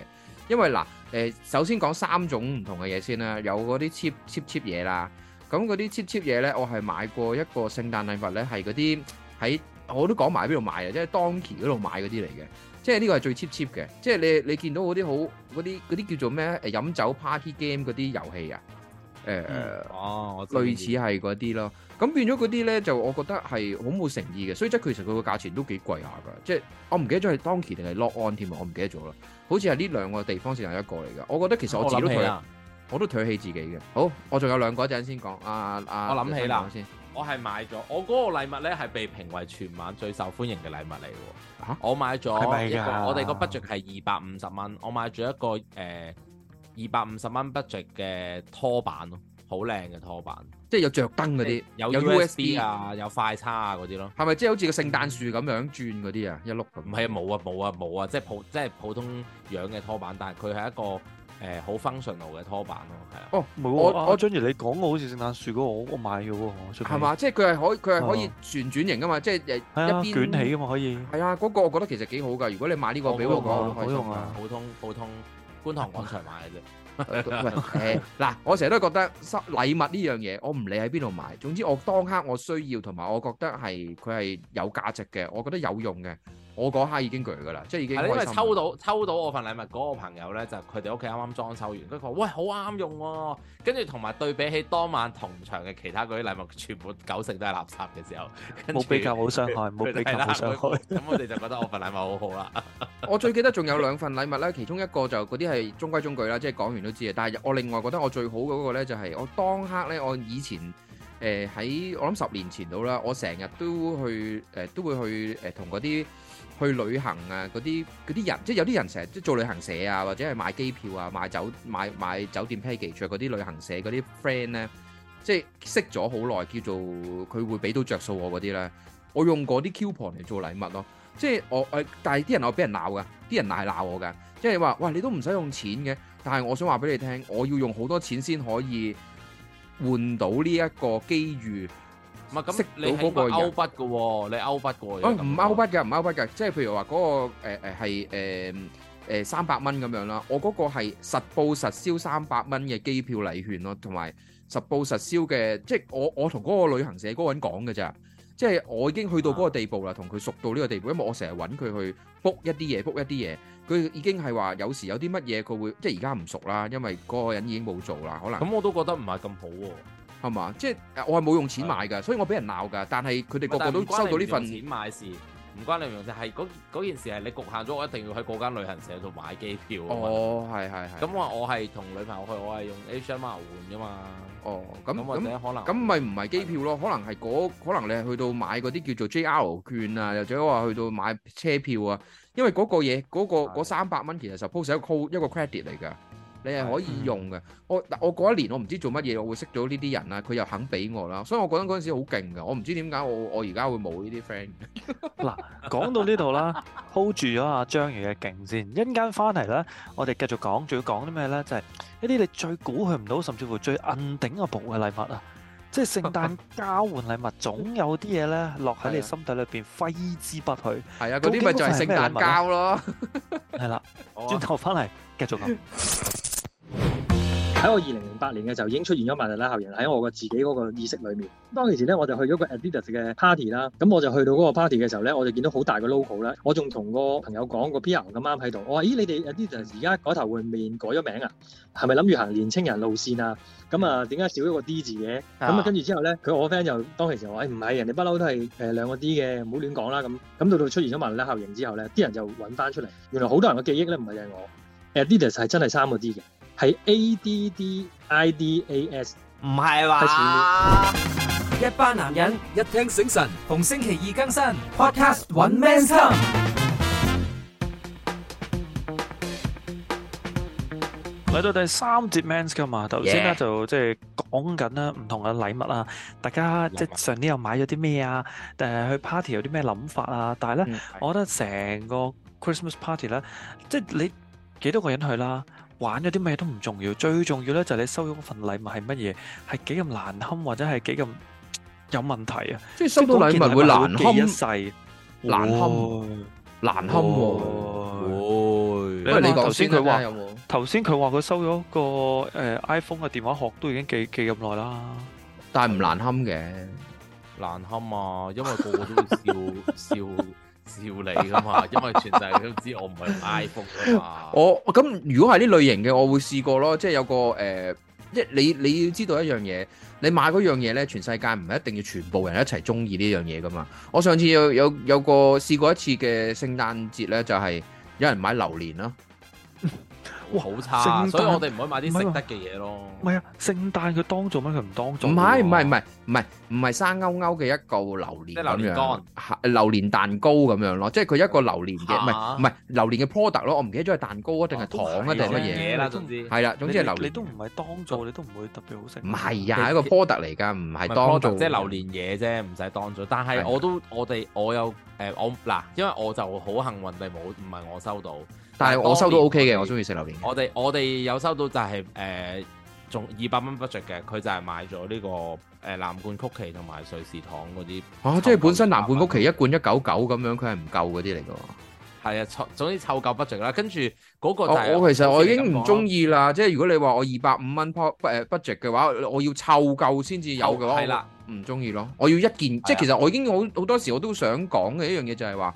B: 因為嗱誒，首先講三種唔同嘅嘢先啦，有嗰啲 cheap cheap cheap 嘢啦。咁嗰啲 cheap cheap 嘢咧，我係買過一個聖誕禮物咧，係嗰啲。喺我都講埋喺邊度買啊，即係 Donkey 嗰度買嗰啲嚟嘅，即係呢個係最 cheap cheap 嘅。即係你你見到嗰啲好嗰啲嗰啲叫做咩？誒飲酒 party game 嗰啲遊戲啊，誒、呃、哦知知類似係嗰啲咯。咁變咗嗰啲咧，就我覺得係好冇誠意嘅。所以即係其實佢個價錢都幾貴下㗎。即係我唔記得咗係 Donkey 定係 LOG-ON 添，我唔記得咗啦。好似係呢兩個地方先有一個嚟㗎。我覺得其實我諗起啊，我都睇起自己嘅。好，我仲有兩個一陣先講。
A: 啊啊，我諗起啦先。我係買咗，我嗰個禮物咧係被評為全晚最受歡迎嘅禮物嚟喎。嚇、啊！我買咗一個，我哋個 budget 係二百五十蚊。我買咗一個誒二百五十蚊 budget 嘅拖板咯，好靚嘅拖板，拖
B: 板即係有著燈嗰啲，有 USB 啊，
A: 有快叉啊嗰啲咯。係咪即係好似個聖誕樹咁樣轉嗰啲啊？一碌唔係啊，冇啊，冇啊，冇啊，即係普即係普通樣嘅拖板，但係佢係一個。誒好、呃、functional 嘅拖板咯，係
C: 啊。哦，我我正如你講，我好似聖誕樹嗰個，我我買嘅喎。係嘛，即
A: 係佢係可以佢係的可以旋轉型嘅嘛，
B: 即係一邊捲起嘅嘛，可以。係啊，嗰、嗰個我覺得其實幾好㗎。如果你買呢個俾我，哦個啊、我都開心啊。
A: 普通普通觀塘廣場買嘅
C: 啫。
B: 嗱、 呃，我成日都覺得收禮物呢樣嘢，我唔理喺邊度買，總之我當刻我需要同埋我覺得係佢係有價值嘅，我覺得有用嘅。我嗰刻已經攰噶啦，即係已經。因為抽
A: 到抽到我份禮物嗰個朋友咧，就佢哋屋企啱啱裝修完，佢話喂，好啱用喎，啊。跟住同埋對比起當晚同場嘅其他嗰啲禮物，全部九成都係垃圾嘅時候，冇比較好傷害，冇們比較好傷害。咁我哋就覺得我份禮物好好啦。 我最記得仲有兩份禮
B: 物咧，其中一個就嗰啲係中規中矩啦，即係講完都知嘅。但係我另外覺得我最好嗰個咧，就是，就係我當刻咧，我以前誒喺、呃、我諗十年前度啦，我成日都去誒、呃、都會去誒同嗰啲。呃去旅行啊！嗰啲嗰啲人，即係有啲人成日即係做旅行社啊，或者係買機票啊、買酒、買買酒店 package 出嗰啲旅行社嗰啲 friend 咧，即係識咗好耐，叫做佢會俾到着數我嗰啲咧，我用嗰啲 coupon 嚟做禮物咯。即係我誒，但係啲人我俾人鬧㗎，啲人係鬧我㗎，即係話，喂，你都唔使用錢嘅，但係我想話俾你聽，我要用好多錢先可以換到呢一個機遇。唔係咁識到嗰個人勾筆
A: 噶喎，你勾筆個嘢唔勾
B: 筆嘅，唔勾筆嘅，即係譬如話嗰、嗰個誒誒係誒三百蚊咁樣啦。我嗰個係實報實銷三百蚊嘅機票禮券咯，同埋實報實銷嘅，即係我我同嗰個旅行社嗰個人講嘅咋。即係我已經去到嗰個地步啦，同佢、啊、熟到呢個地步，因為我成日揾佢去 book 一啲嘢 book 一啲嘢，佢已經係話有時有啲乜嘢佢會即係而家唔熟啦，因為嗰個人已經冇做啦。可能咁我都覺得唔係咁好喎、啊。係嘛？即係我係冇用錢買噶，的所以我俾人鬧噶。但係佢哋個個都收到呢份錢
A: 買事，唔關你用。就係嗰件事係你局限咗，我一定要喺嗰間旅行社度買機票。哦，係係係。咁話我係同女朋友去，我係用 Asia Miles 換噶嘛？哦，咁或那可能
B: 咁咪唔係機票咯的、那個？可能係嗰可能你去到買嗰啲叫做 JR 券啊，又或者話去到買車票啊？因為嗰個嘢嗰、那個三百蚊其實 suppose 一個 credit 嚟噶。你係可以用嘅，我嗱我嗰一年我唔知做乜嘢，我會識咗呢啲人啦，佢又肯俾我啦，所以我覺得嗰陣時好勁嘅，我唔知點解我我而家會冇呢啲
C: friend。嗱，講到呢度啦，hold 住咗阿章魚嘅勁先，一陣間翻嚟咧，我哋繼續講，仲要講啲咩咧？就係一啲你最估佢唔到，甚至乎最摁頂個盤嘅禮物啊，即係聖誕交換禮物，總有啲嘢咧落喺你心底裏邊揮之不去。係啊，嗰啲咪就係聖誕交咯。係啦，轉頭翻嚟繼續講。喺我二零零八年嘅時候已經出現咗曼德拉效應。喺我嘅自己嗰個意識裏面。當其時咧，我就去咗個 Adidas 嘅 party 啦。咁我就去到嗰個 party 嘅時候咧，我就見到好大嘅 logo 咧。我仲同個朋友講、個 PR 咁啱喺度，我話咦，你哋 Adidas 而家改頭換面，改咗名啊？係咪諗住行年青人路線啊？咁啊，點解少咗個 D 字嘅？咁啊，啊、跟住之後咧，佢我 friend 就當其時話，誒、哎，唔係，人哋不嬲都係誒兩個 D 嘅，唔好亂講啦。咁咁到到出現咗曼德拉效應之後咧，啲人就揾翻出嚟，原來好多人嘅記憶咧唔係我 Adidas 係真係三個 D 嘅。係 ADDIDAS。唔係話一班男人一聽醒神，逢星期二更新 Podcast。搵 Men's Come，嚟到第三節 Men's Come 嘅嘛，啊，頭先咧就即係講緊啦，唔同嘅禮物啊，大家物即係上年又買咗啲咩啊？定係去 party 有啲咩諗法啊？但係咧，嗯，我覺得成個 Christmas party 咧，即係你幾多個人去啦？玩咗啲咩都唔重要，最重要咧就係你收咗份禮物係乜嘢，係幾咁難堪或者係幾咁有問題啊？即係收到禮物會難堪一世，難堪
A: 難堪喎。因為你頭先佢話，
C: 頭先佢話佢收咗個誒 iPhone 嘅電話殼，都已經記記咁耐啦，但係唔難堪嘅，難堪啊，
A: 因為個個都會笑笑。笑你噶
C: 嘛，
B: 因為全世界都知我唔係用 iPhone 啊嘛。我咁如果係呢類型嘅，我會試過咯。即係有個即一你，你要知道一樣嘢，你買嗰樣嘢咧，全世界唔係一定要全部人一齊中意呢樣嘢噶嘛。我上次有有有個試過一次嘅聖誕節咧，就係有人買榴蓮啦。
A: 哇，好差，所以我哋唔可以買啲食得嘅嘢咯。
B: 唔係啊，
C: 聖誕佢
B: 當做咩？佢唔當做？唔係，唔係，唔係，唔係，唔係生勾勾嘅一個榴蓮咁樣，榴蓮蛋糕咁樣咯。即係佢一個榴蓮嘅，唔係唔係榴蓮嘅 product 咯。我唔記得咗係蛋糕啊，定係糖啊，定係乜嘢？總之係啦，總之係榴蓮。
C: 你都唔係當做，你都唔會特別好食。唔係啊，
A: 係一個 product 嚟噶，唔係當做。即係榴蓮嘢啫，唔使當做。但係我都我哋我有誒我嗱，因為我就好幸運，地冇唔係我收到。但係我收到 O
B: K 嘅，我中意食榴蓮。
A: 我哋我哋有收到就係、是、誒，仲二百蚊 budget 嘅，佢就係買咗呢、這個誒藍、呃、罐曲奇同埋瑞士糖嗰啲。
B: 啊，即係本身藍罐曲奇元一罐一九九咁樣，佢係唔夠嗰啲嚟噶。
A: 係啊，總總之湊夠 budget 啦。跟住
B: 嗰個就我,我,我其實我已經唔中意啦。即係如果你話我二百五蚊誒 budget 嘅話，我要湊夠先至有嘅話，係啦、哦，唔中意咯。我要一件，了即係其實我已經好好多時我都想講嘅一樣嘢就係話。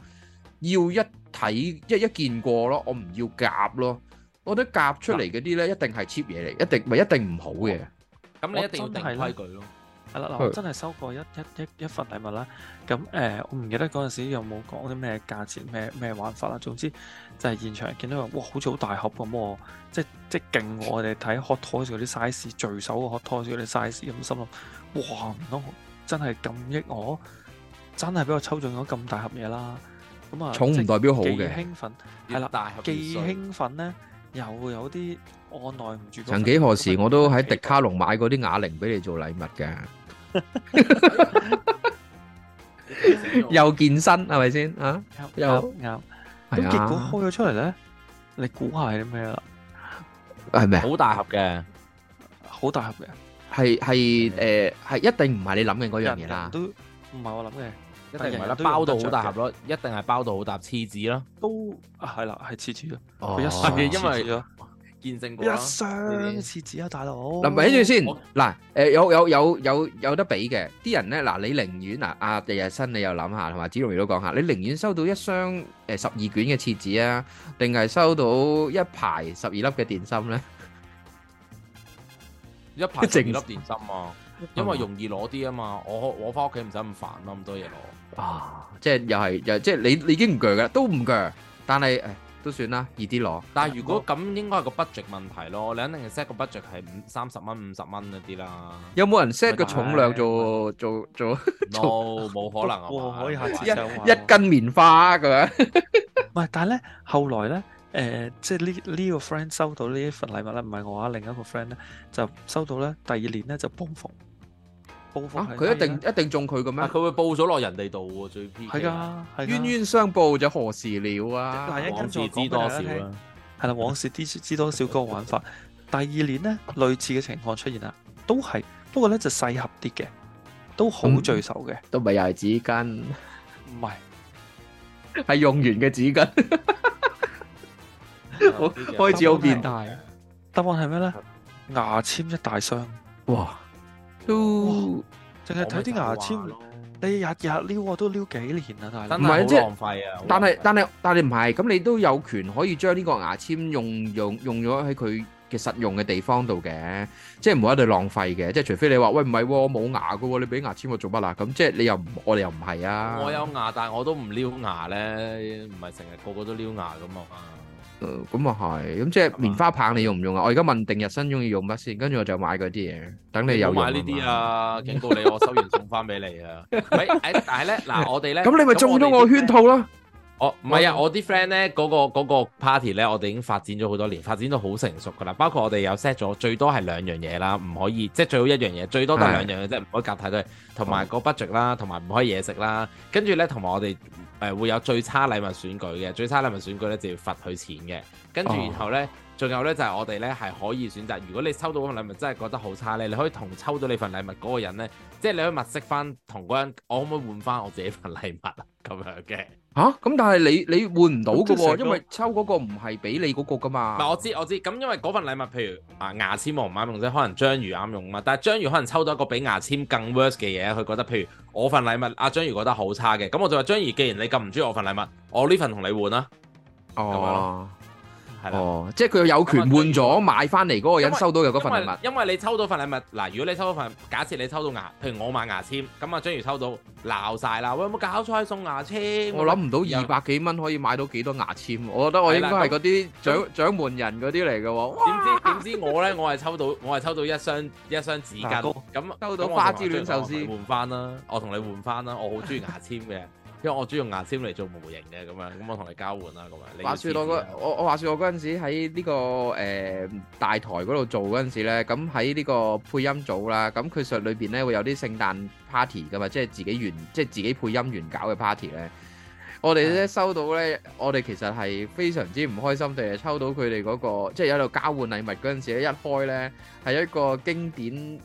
B: 要一睇一一見過咯，我唔要夾
C: 咯。我覺得夾出嚟嗰啲咧，一定係 cheap 嘢嚟，一
B: 定咪一定唔好嘅。咁你一定定
A: 規
C: 矩咯。係啦，嗱我真係收過一一一一份禮物啦。咁誒，我唔記得嗰陣時有冇講啲咩價錢、咩咩玩法啦。總之就係現場見到話，哇，好似好大盒咁喎！即即勁喎！我哋睇 Hot Toys 嗰啲 size，聚首啊，Hot Toys 嗰啲 size，咁心諗，哇！唔通真係咁益我？真係俾我抽中咗咁大盒嘢啦！咁啊，重唔代表好嘅。幾興奮係啦，幾興奮咧，又會有啲按耐唔住。曾
B: 幾何時，我都喺迪卡龍買過啲啞鈴俾你做禮物嘅，又
C: 健身係咪先啊？又都結果開咗出嚟咧，你估下係啲咩啊？係咩？好大盒嘅，好大盒嘅，
B: 係係誒，係一定唔係你諗嘅嗰樣嘢啦，都
C: 唔係我諗嘅。一定唔係啦，
B: 包
A: 到好大盒咯，一定係包到好大廁紙啦，都係啦，係廁紙咯，係因為
C: 見證過一箱廁紙啊，大佬嗱，咪住先
A: 嗱，
B: 誒有有有有有得俾嘅啲人咧嗱，你寧願嗱阿日日新你又諗下，同埋紫龍魚都講下，你寧願收到一箱誒十二卷嘅廁紙啊，定係收到一排十二粒嘅電芯咧？一
A: 排十二粒電芯啊，因為容易攞啲啊嘛，我我翻屋企唔使咁煩咯，咁多嘢攞。
B: 啊！即係又係又即係你你已經唔鋸嘅，都唔鋸，但係都算啦，易啲攞。但係如果
A: 咁，應該係個 budget 問題咯。你肯定 set 個 budget 係五三十蚊，五十蚊嗰啲啦。
B: 有冇人 set 個重量做做做？冇冇可能
C: 啊！可以下次，一一斤棉花咁樣。唔係，但係咧後來咧，誒，即係呢呢個 friend 收到呢一份禮物咧，唔係我啊，另一個 friend 咧就收到咧，第二年咧就幫。佢一定一定中佢嘅咩？
A: 佢會報咗落人哋度喎，最
C: 偏係噶冤冤相報，就何時了啊？往事知多少啦，係啦，往事知知多少嗰個玩法。第二年呢，類似嘅情況出現啦，都係，不過咧就細合啲嘅，都好聚仇嘅，都唔又係紙巾，唔係係用完嘅紙巾，開始好變大。答案係咩咧？牙籤一大箱，哇！淨係睇啲牙籤，你日日撩我都撩幾年啦，大佬。唔係即係是浪費啊！但係
B: 但係但係唔係，咁你都有權可以將呢個牙籤用用用咗喺佢嘅實用嘅地方度嘅，即係唔會喺度浪費嘅。即係除非你話喂，唔係，我冇牙噶，你俾牙籤我做乜啊？咁即係你又唔，我哋又唔係啊！我有
A: 牙，但係我都唔撩牙咧，唔係成日個個都撩牙咁啊。嗯
B: 咁啊係，咁即係棉花棒你用唔用啊？我而家問定日新中意用乜先，跟住我就買嗰啲嘢。等你有是是
A: 買呢啲啊，警告你我收完送翻俾你啊！咪誒， 但係咧，嗱我哋咧，咁、嗯、你咪中咗
B: 我圈套啦。
A: 我唔係啊！我啲 friend 咧嗰個嗰個 party 咧，我哋已經發展咗好多年，發展到好成熟噶啦。包括我哋有 set 咗最多係兩樣嘢啦，唔可以即係最好一樣嘢，最多得兩樣嘢，即係，唔可以夾太多。同埋個 budget 啦，同埋唔可以嘢食啦。跟住咧，同埋我哋誒、呃、會有最差禮物選舉嘅，最差禮物選舉咧就要罰佢錢嘅。跟住然後咧，仲、哦、有咧就係、是、我哋咧係可以選擇，如果你收到嗰份禮物真係覺得好差咧，你可以同抽到你份禮物嗰個人咧，即係你可以物色翻同嗰人，我可唔可以換翻我自己份禮物啊？咁樣嘅。
B: 吓，咁、啊、但係你你換唔到噶喎，因為
A: 抽嗰個唔係
B: 俾你嗰個噶
A: 嘛。唔，我知我知，咁因為嗰份禮物，譬如啊，牙籤我唔啱用啫，可能章魚啱用啊嘛。但係章魚可能抽到一個比牙籤更 worse 嘅嘢，佢覺得譬如我份禮物，阿章魚覺得好差嘅，咁我就話章魚，既然你咁唔中意我份禮物，我呢份同你換啦。哦。
B: 哦，即係佢有權換咗為買翻嚟嗰個人收到嘅嗰份禮物，因。
A: 因為你抽到份禮物，嗱，如果你抽到份，假設你抽到牙，譬如我買牙籤，咁啊，張怡抽到鬧晒啦！喂，有冇搞錯？送牙籤？我諗唔到二百幾蚊可以買到幾多牙籤，的我覺得我應該係嗰啲獎獎門人嗰啲嚟嘅喎。點知點知我咧，我係抽到我係抽到一箱一箱紙巾。咁、啊、那抽到花之戀壽司，換翻啦！我同你換翻啦！我好中意牙籤嘅。 因為我主要用牙籤嚟做模型嘅，咁啊，咁我同你交換啦。咁啊，話説
B: 我嗰，我我話説我嗰陣時喺呢個誒大台嗰度做嗰陣時咧，咁喺呢個配音組啦，咁佢術裏邊咧會有啲聖誕 party 噶嘛，即係自己完即係自己配音員搞嘅 party 咧。我哋咧收到咧，我哋其實係非常之唔開心，定係抽到佢哋嗰個即係喺度交換禮物嗰陣時咧，一開咧係一個經典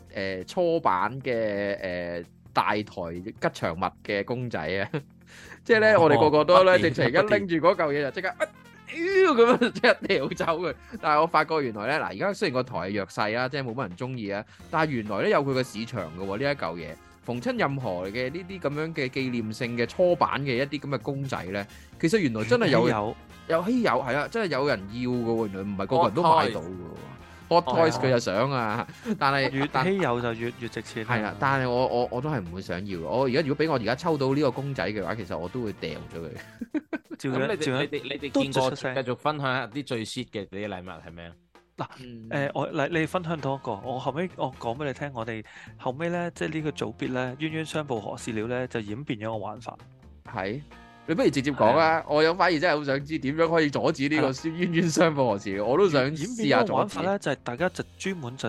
B: 誒初版嘅誒大台吉祥物嘅公仔啊！即係咧，我哋個個都咧，呃呃、直情一拎住嗰嚿嘢就即刻啊，屌咁樣即係掉走佢。但係我發覺原來咧，嗱，而家雖然個台係弱勢啦，即係冇乜人中意啊，但係原來咧有佢個市場嘅喎呢一嚿嘢。逢親任何嘅呢啲咁樣嘅紀念性嘅初版嘅一啲咁嘅公仔咧，其實原來真係有有有係有係啦、啊，真係有人要嘅喎，原來唔係個個人都買到嘅喎。啊 hot toys 佢就想啊，但係越稀有就越
A: 越值錢。係啊，但
B: 係我我我都係唔會想要。我而家如果俾我而家抽到呢個公仔嘅話，其實我
C: 都會掉咗佢。 照一 你你哋你哋都出聲繼續分享下啲最 shit 嘅啲禮物係咩？嗱、呃，誒我嚟，你分享多一個，我後尾，我講俾你聽，我哋後尾咧即係呢個組別咧，冤冤相報何時了咧就演變咗個玩法。係。你不如直接講啊！我有反而真係好想知點樣可以阻止呢個冤冤相報何時。我都想試下阻止，演變嘅玩法咧，就係大家就專門就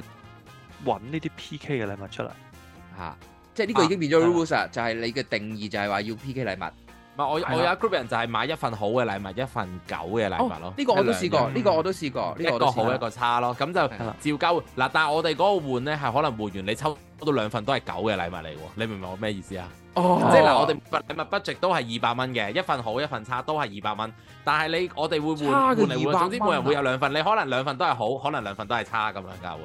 C: 揾呢啲 PK 嘅禮物出嚟嚇，即係呢個已經變咗 rules 啦。就係你嘅定義就係話要 PK 禮物。
A: 唔係我我有 group 人就係買一份好嘅禮物，一份九嘅禮物咯。呢個我都試過，呢個我都
B: 試過，一個好一個
A: 差咯。咁就照交嗱，但係我哋嗰個換咧，係可能換完你抽到兩份都係九嘅禮物嚟喎，你明唔明我咩意思啊？即係嗱，我哋禮物 budget 都係二百蚊嘅，一份好一份差都係二百蚊，但係你我哋會換換嚟換，總之每人會有兩份，啊、你可能兩份都係好，可能兩份都係差咁樣噶會，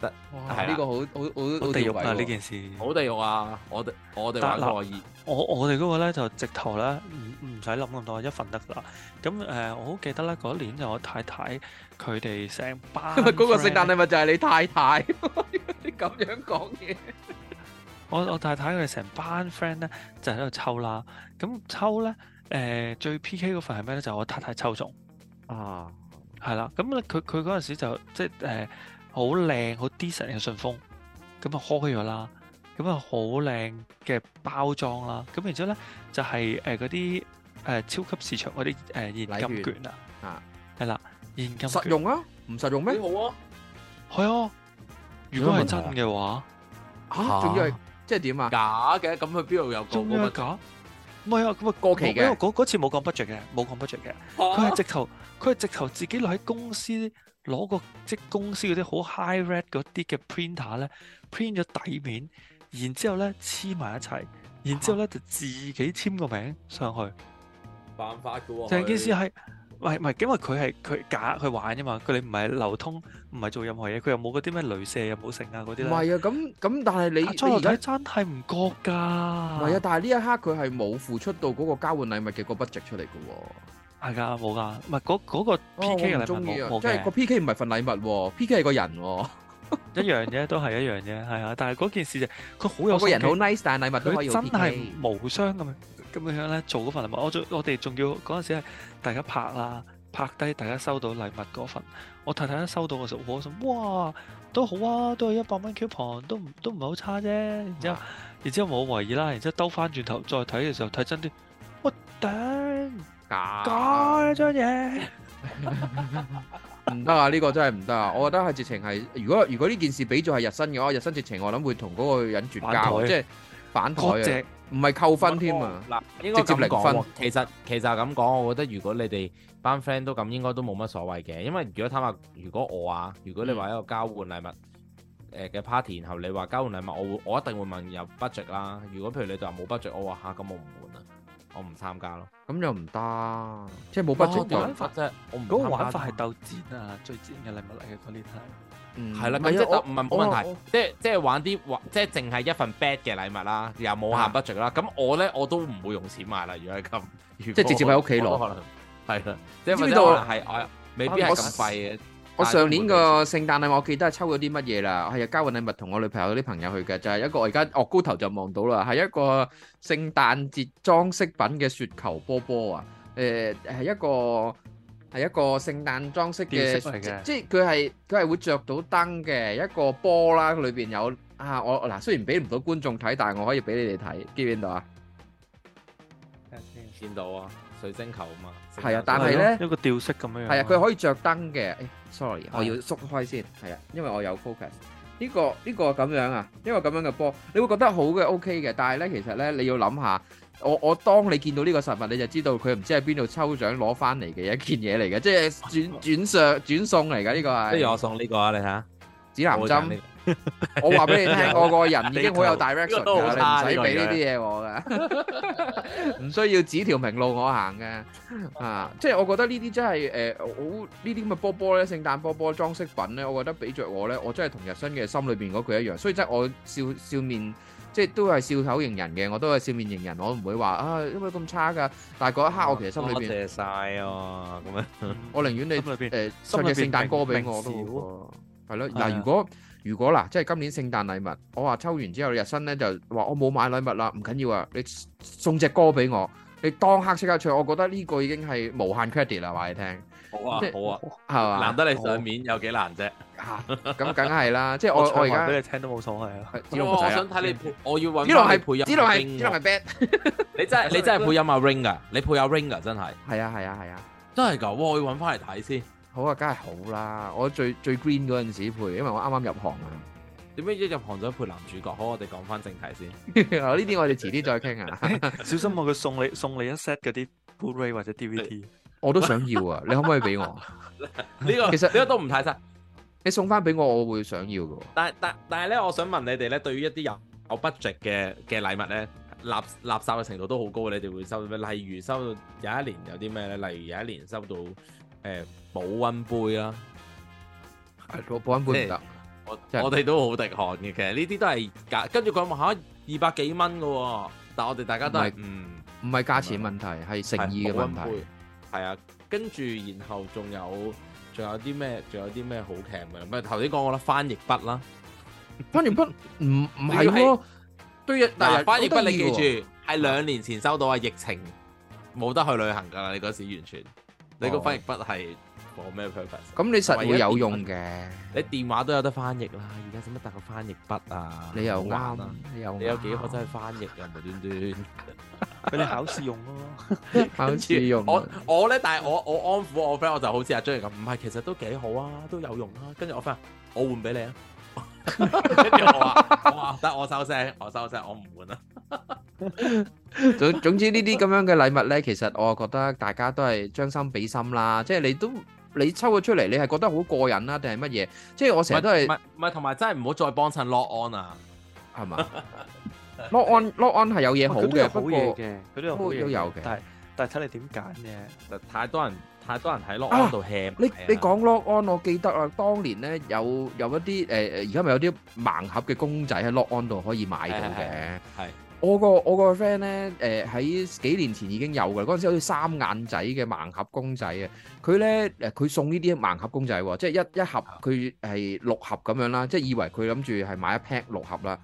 C: 但係呢
A: 個
B: 好好好
C: 地獄啊呢件事，
A: 好地獄啊！獄啊啊我哋我哋玩可、啊、
C: 我我哋嗰個咧就直頭咧唔唔使諗咁多，一份得啦。咁誒，我好記得咧嗰年就我太太佢哋成班，因為嗰個聖誕禮物就係你太太，你咁 樣講嘢。我我太太佢哋成班 friend 咧就喺度抽啦，咁抽咧誒、呃、最 PK 嗰份係咩咧？就係、我太太抽中啊，係啦，咁咧佢佢嗰陣時就即係誒好靚好 decent 嘅信封，順風，咁啊開咗啦，咁啊好靚嘅包裝啦，咁然之後咧就係誒嗰啲誒超級市場嗰啲誒現金券啊，啊係啦現金實用
B: 啊，唔實用咩？好啊，係啊，
C: 如果係真嘅話嚇，仲要係。即係點啊？假嘅，咁佢
A: 邊度有講過乜假？
C: 唔係啊，咁、那、啊、個、過期嘅。因為嗰次冇講 budget 嘅，冇講 budget 嘅。佢係、啊、直頭，佢係直頭自己落喺公司攞個即公司嗰啲好 high red 嗰啲嘅 printer 咧，print 咗底面，然之後咧黐埋一齊，然之後咧、啊、就自己簽個名上去。
A: 犯法嘅喎，成件事係。
C: 唔係唔係，因為佢係佢假去玩啫嘛。佢哋唔係流通，唔係做任何嘢，佢又冇嗰啲咩雷射，又冇剩啊嗰啲啦。唔係啊，
B: 咁咁但係你而家真係唔覺㗎。唔係啊，但係呢一刻佢係冇付出到嗰個交換禮物嘅個 budget 出嚟嘅喎。
C: 係㗎，冇㗎。唔係嗰嗰個 P K 人中意啊。即係個 P K 唔係份禮物喎，P K 係個人喎。 一樣嘅，都係一樣嘅，係啊！但係嗰件事就佢好有，個人好 nice，但係禮物佢真係無雙咁樣咁樣咧，做嗰份禮物。我我哋仲要嗰陣時係大家拍啦，拍低大家收到禮物嗰份。我太太都收到時候，我就開心。哇，都好啊，都係一百蚊 coupon，都唔都唔係好差啫。然之後， 後，然之後冇懷疑啦，然之後兜翻轉頭再睇嘅時候睇真啲，我頂，假張嘢。
B: 唔得啊！呢、這個真係唔得啊！我覺得係直情係，如果如果呢件事畀咗係日新嘅話，日新直情我諗會
A: 同嗰個人絕交，即係反台，反台正啊！唔係扣分添啊！直接零分。其實其實咁講，我覺得如果你哋班 friend 都咁，應該都冇乜所謂嘅。因為如果坦白，如果我啊，如果你話一個交換禮物誒嘅 party 然後，你話交換禮物，我會我一定會問有 budget 啦、啊。如果譬如你哋話冇 budget，我話吓，咁我唔換啊。我唔參加咯，
B: 咁又唔得，即係冇 budget 嘅玩法啫，我唔嗰個玩法係
A: 鬥賤
C: 啊！最賤嘅禮物嚟嘅嗰啲係，係啦，咪即係唔係冇問題，
A: 即係即係玩啲玩，即係淨係一份 bad 嘅禮物啦，又冇限 budget 啦。咁我咧我都唔會用錢買啦，如果係咁，即係直接喺屋企攞，係啦。呢度係我未必係咁廢嘅。我上
B: 年個聖誕禮物我記得係抽咗啲乜嘢啦，係啊，交換禮物，同我女朋友啲朋友去嘅，就係一個我而家惡高頭就望到啦，係一個聖誕節裝飾品嘅雪球波波啊，誒，係一個係一個聖誕裝飾嚟嘅，即係佢係佢係會着到燈嘅一個波啦，裏邊有啊，我嗱，雖然俾唔到觀眾睇，但係我可以俾你哋睇，見唔見到啊？
A: 見到啊，水晶球啊嘛。係
B: 啊，但係咧，一個調色咁樣樣，係啊，佢、啊、可以着燈嘅、哎。Sorry，我要縮開先，係啊，因為我有 focus、呢個。呢、呢個呢個咁樣啊，呢個咁樣嘅波，你會覺得好嘅，OK 嘅。但係咧，其實咧，你要諗下，我我當你見到呢個實物，你就知道佢唔知喺邊度抽獎攞翻嚟嘅一件嘢嚟嘅，即係轉轉上轉送嚟嘅呢個係。不如我送呢個啊，你睇下指南針。
C: 我話俾你聽，我個人已經好有 direction 噶啦，你唔使俾呢啲嘢我
B: 嘅，唔需要指條明路我行嘅。啊，即係我覺得呢啲真係誒，好呢啲咁嘅波波咧，聖誕波波裝飾品咧，我覺得俾着我咧，我真係同日新嘅心裏邊嗰句一樣。所以真係我笑笑面，即係都係笑口迎人嘅，我都係笑面迎人，我唔會話啊，因為咁差噶。但係嗰一刻，我其實心裏邊，多謝
A: 晒啊，咁樣。我寧願你誒送隻
B: 聖誕歌俾我都好。係咯，嗱，如果。如果嗱，即係今年聖誕禮物，我話抽完之後你日新咧就話我冇買禮物啦，唔緊要啊，你送隻歌俾我，你當黑色刻唱。我覺得呢個已經係無限 credit 啦，話你聽。
C: 好啊，
B: 好
A: 啊，係嘛？難得你上面有幾難啫？咁梗係啦，即係我我而家俾你聽都冇所謂啊。我想睇你，我要呢度係配音，呢度係呢度係 bad 你真係你真係配音阿 Ring 噶，你配音 Ring 噶，真係。係啊，係啊，係啊。真係噶，我可以揾翻嚟睇先。好啊，梗係好
B: 啦！我最最 green 嗰陣時配，因為我啱啱入行啊。
A: 點解一入行就配男主
C: 角？好，我哋講翻正題先。呢啲我哋遲啲再傾啊。小心啊！佢送你送你一 set 嗰啲 Blu-ray 或者 DVD，
B: 我都想要啊！你可唔可以俾我？
C: 呢個
B: 其實呢個都唔太差。你送翻俾我，我會想要嘅。
A: 但係但但係咧，我想問你哋咧，對於一啲有有 budget 嘅嘅禮物咧，垃垃圾嘅程度都好高，你哋會收到咩？例如收到有一年有啲咩咧？例如有一年收到。誒，保溫杯啦，係個保溫杯唔得，我我哋都好滴汗嘅。其實呢啲都係假，跟住佢話吓二百幾蚊噶但係我哋大家都係，
B: 唔係價錢問題，係誠意嘅問題。
A: 係啊，跟住然後仲有仲有啲咩，仲有啲咩好強嘅，唔係頭先講過啦，翻譯筆啦，
B: 翻譯筆唔唔係喎，對啊，但係翻譯筆你記住
A: 係兩年前收到啊，疫情冇得去旅行噶啦，你嗰時完全。你個翻譯筆係冇咩 purpose 咁你實會有，有用嘅。你電話都有得翻譯啦，而家使乜帶個翻譯筆啊？你又啱，嗯、你，又你有幾可真係翻譯嘅無端端？佢哋 考
C: 試用咯、
A: 啊， 後考試用我。我我咧，但係我我安撫我 friend，我就好似阿章咁，唔係其實都幾好啊，都有用啦、啊。跟住我 friend，我換俾你啊。 我話得 我，我收聲，我收聲，我唔換啦。 總總之呢啲咁樣嘅禮
B: 物咧，其實我啊覺得大家都係將心比心啦，即係你都你抽咗出嚟，你係覺得好過癮啦，定係乜嘢？即係我成日都係唔係
A: 唔係，同埋真係唔好再幫襯 lock on 啊，係嘛
B: ？lock on lock on 係有嘢好嘅，好嘢嘅，
A: 佢啲好嘢都有嘅，但係但係睇你點揀嘅，太多人太多人喺 lock on 度喊，你你
B: 講 lock on，我記得啊，當年咧有有一啲誒，而家咪有啲盲盒嘅公仔喺 lock on 度可以買到嘅，係。我個我個 friend 呢，誒、呃、喺幾年前已經有㗎，嗰陣時好似三眼仔嘅盲盒公仔啊！佢咧誒佢送呢啲盲盒公仔喎，即係一一盒佢係六盒咁樣啦，即係以為佢諗住係買一 pack 六盒啦。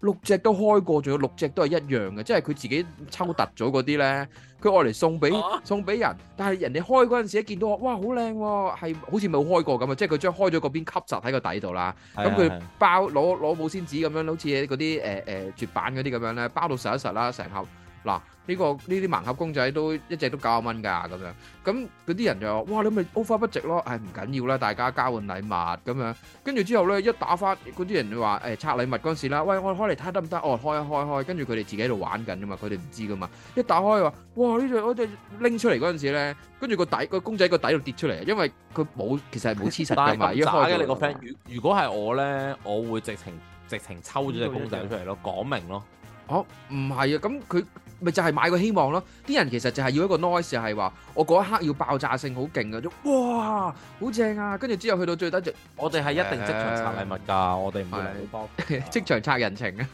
B: 六隻都開過，仲有六隻都係一樣嘅，即係佢自己抽突咗嗰啲咧，佢愛嚟送俾送俾人，但係人哋開嗰陣時一見到，哇好靚喎，係好似冇開過咁啊！即係佢將開咗嗰邊吸實喺個底度啦，咁佢是的 包攞攞保鮮紙咁樣，好似嗰啲誒誒絕版嗰啲咁樣咧，包到實一實啦，成盒。嗱，呢個呢啲盲盒公仔都一隻都九十蚊噶咁樣，咁嗰啲人就話：哇，你咪毫花不值咯！誒，唔緊要啦，大家交換禮物咁樣。跟住之後咧，一打翻嗰啲人就話誒拆禮物嗰陣時啦，喂，我開嚟睇下得唔得？哦，開開開，跟住佢哋自己喺度玩緊噶嘛，佢哋唔知噶嘛。一打開話：哇，呢隻我只拎出嚟嗰陣時咧，跟住個底個公仔個底度跌出嚟，因為佢冇其實係冇黐實嘅嘛。一開嘅你個 friend，如
A: 如果係我咧，我會直情直情抽咗隻公仔出嚟咯，講明咯。哦，唔係啊，咁佢。咪就係買個希望咯！啲人其
B: 實就係要一個 noise，係話我嗰一刻要爆炸性好勁嘅，哇好正啊！跟住之後去到最低值，我哋係一定即場拆禮物㗎，的我哋唔會臨尾
A: 幫即場拆人情啊！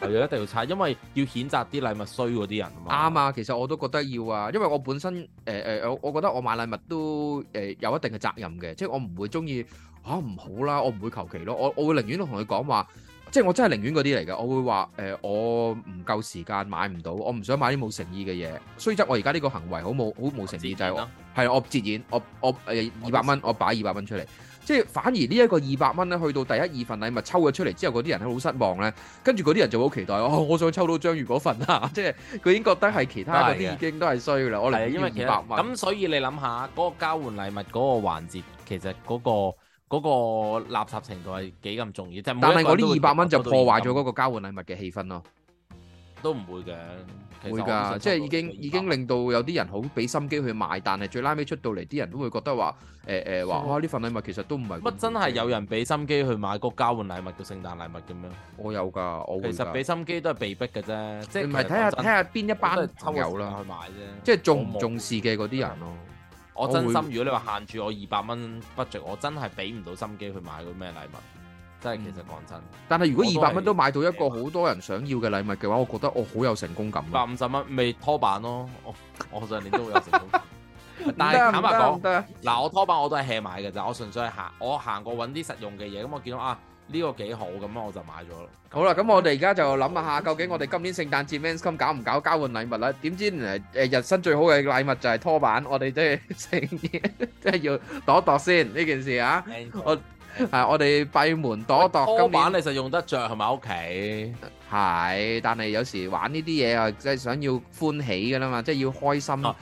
A: 係 一定要拆，因為要譴責啲禮物衰嗰啲人啊嘛。啱啊，其實我都覺得
B: 要啊，因為我本身誒誒，我、呃、我覺得我買禮物都誒有一定嘅責任嘅，即係我唔會中意嚇唔好啦，我唔會求其咯，我我會寧願同佢講話。即係我真係寧願嗰啲嚟嘅，我會話誒、呃，我唔夠時間買唔到，我唔想買啲冇誠意嘅嘢。雖則我而家呢個行為好冇好冇誠意，就係我係我折現我我誒二百蚊，我擺二百蚊出嚟。即係反而呢一個二百蚊咧，去到第一二份禮物抽咗出嚟之後，嗰啲人係好失望咧。跟住嗰啲人就好期待，我、哦、我想抽到章魚嗰份啊！即係佢已經覺得係其他啲已經都係衰啦。的我嚟到二百蚊。咁
A: 所以你諗下嗰個交換禮物嗰個環節，其實嗰、嗰個。嗰個垃圾程度係幾咁重要？但係嗰啲二百蚊就破壞咗嗰個交換禮
B: 物嘅氣氛咯。
A: 都唔會嘅，會㗎，即係已
B: 經已經令到有啲人好俾心機去買，但係最拉尾出到嚟，啲人都會覺得話誒誒話哇呢份
A: 禮物其實都唔係乜，真係有人俾心機去買嗰個交換禮物嘅聖誕禮物咁樣？我有㗎，我其實俾心機都係被逼嘅啫，即係唔係睇下睇下
B: 邊一班友啦
A: 去買啫，即係重唔重
B: 視嘅嗰啲人咯。我真心我會，
A: 如果你話限住我二百蚊 budget，我真係俾唔到心機去買個咩禮物，真係其實講真、嗯。
B: 但係如果二百蚊都買到一個好多人想要嘅禮物嘅話，我覺得我好有成功感。百
A: 五十蚊未拖板咯，我我上年都有成功
B: 感。 但係坦白講，
A: 嗱 我拖板我都係 hea 買嘅就我純粹係行我行過揾啲實用嘅嘢，咁我見到啊。呢個幾好咁咯，我就買咗咯。好啦，
B: 咁我哋而家就諗下，究竟我哋今年聖誕節 Men's Come 搞唔搞交換禮物咧？點知誒誒，人、呃、生最好嘅禮物就係拖板，我哋都係成日即係要度一度先呢件事啊！我。Thank you. uh, 係，我哋閉門躲躲。拖版，你就用得着，係咪屋企？係，但係有時玩呢啲嘢啊，即係想要歡喜噶啦嘛，即係要開心。嗱，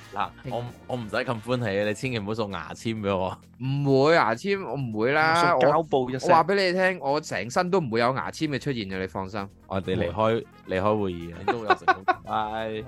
B: 我我唔使咁歡喜啊！你千祈唔好送牙籤俾我。唔會牙籤，我唔會啦。我交報一聲，我話俾你聽，我成身都唔會有牙籤嘅出現嘅，你放心。
A: 我哋離開離開會議啊，你都會
C: 有成功。拜。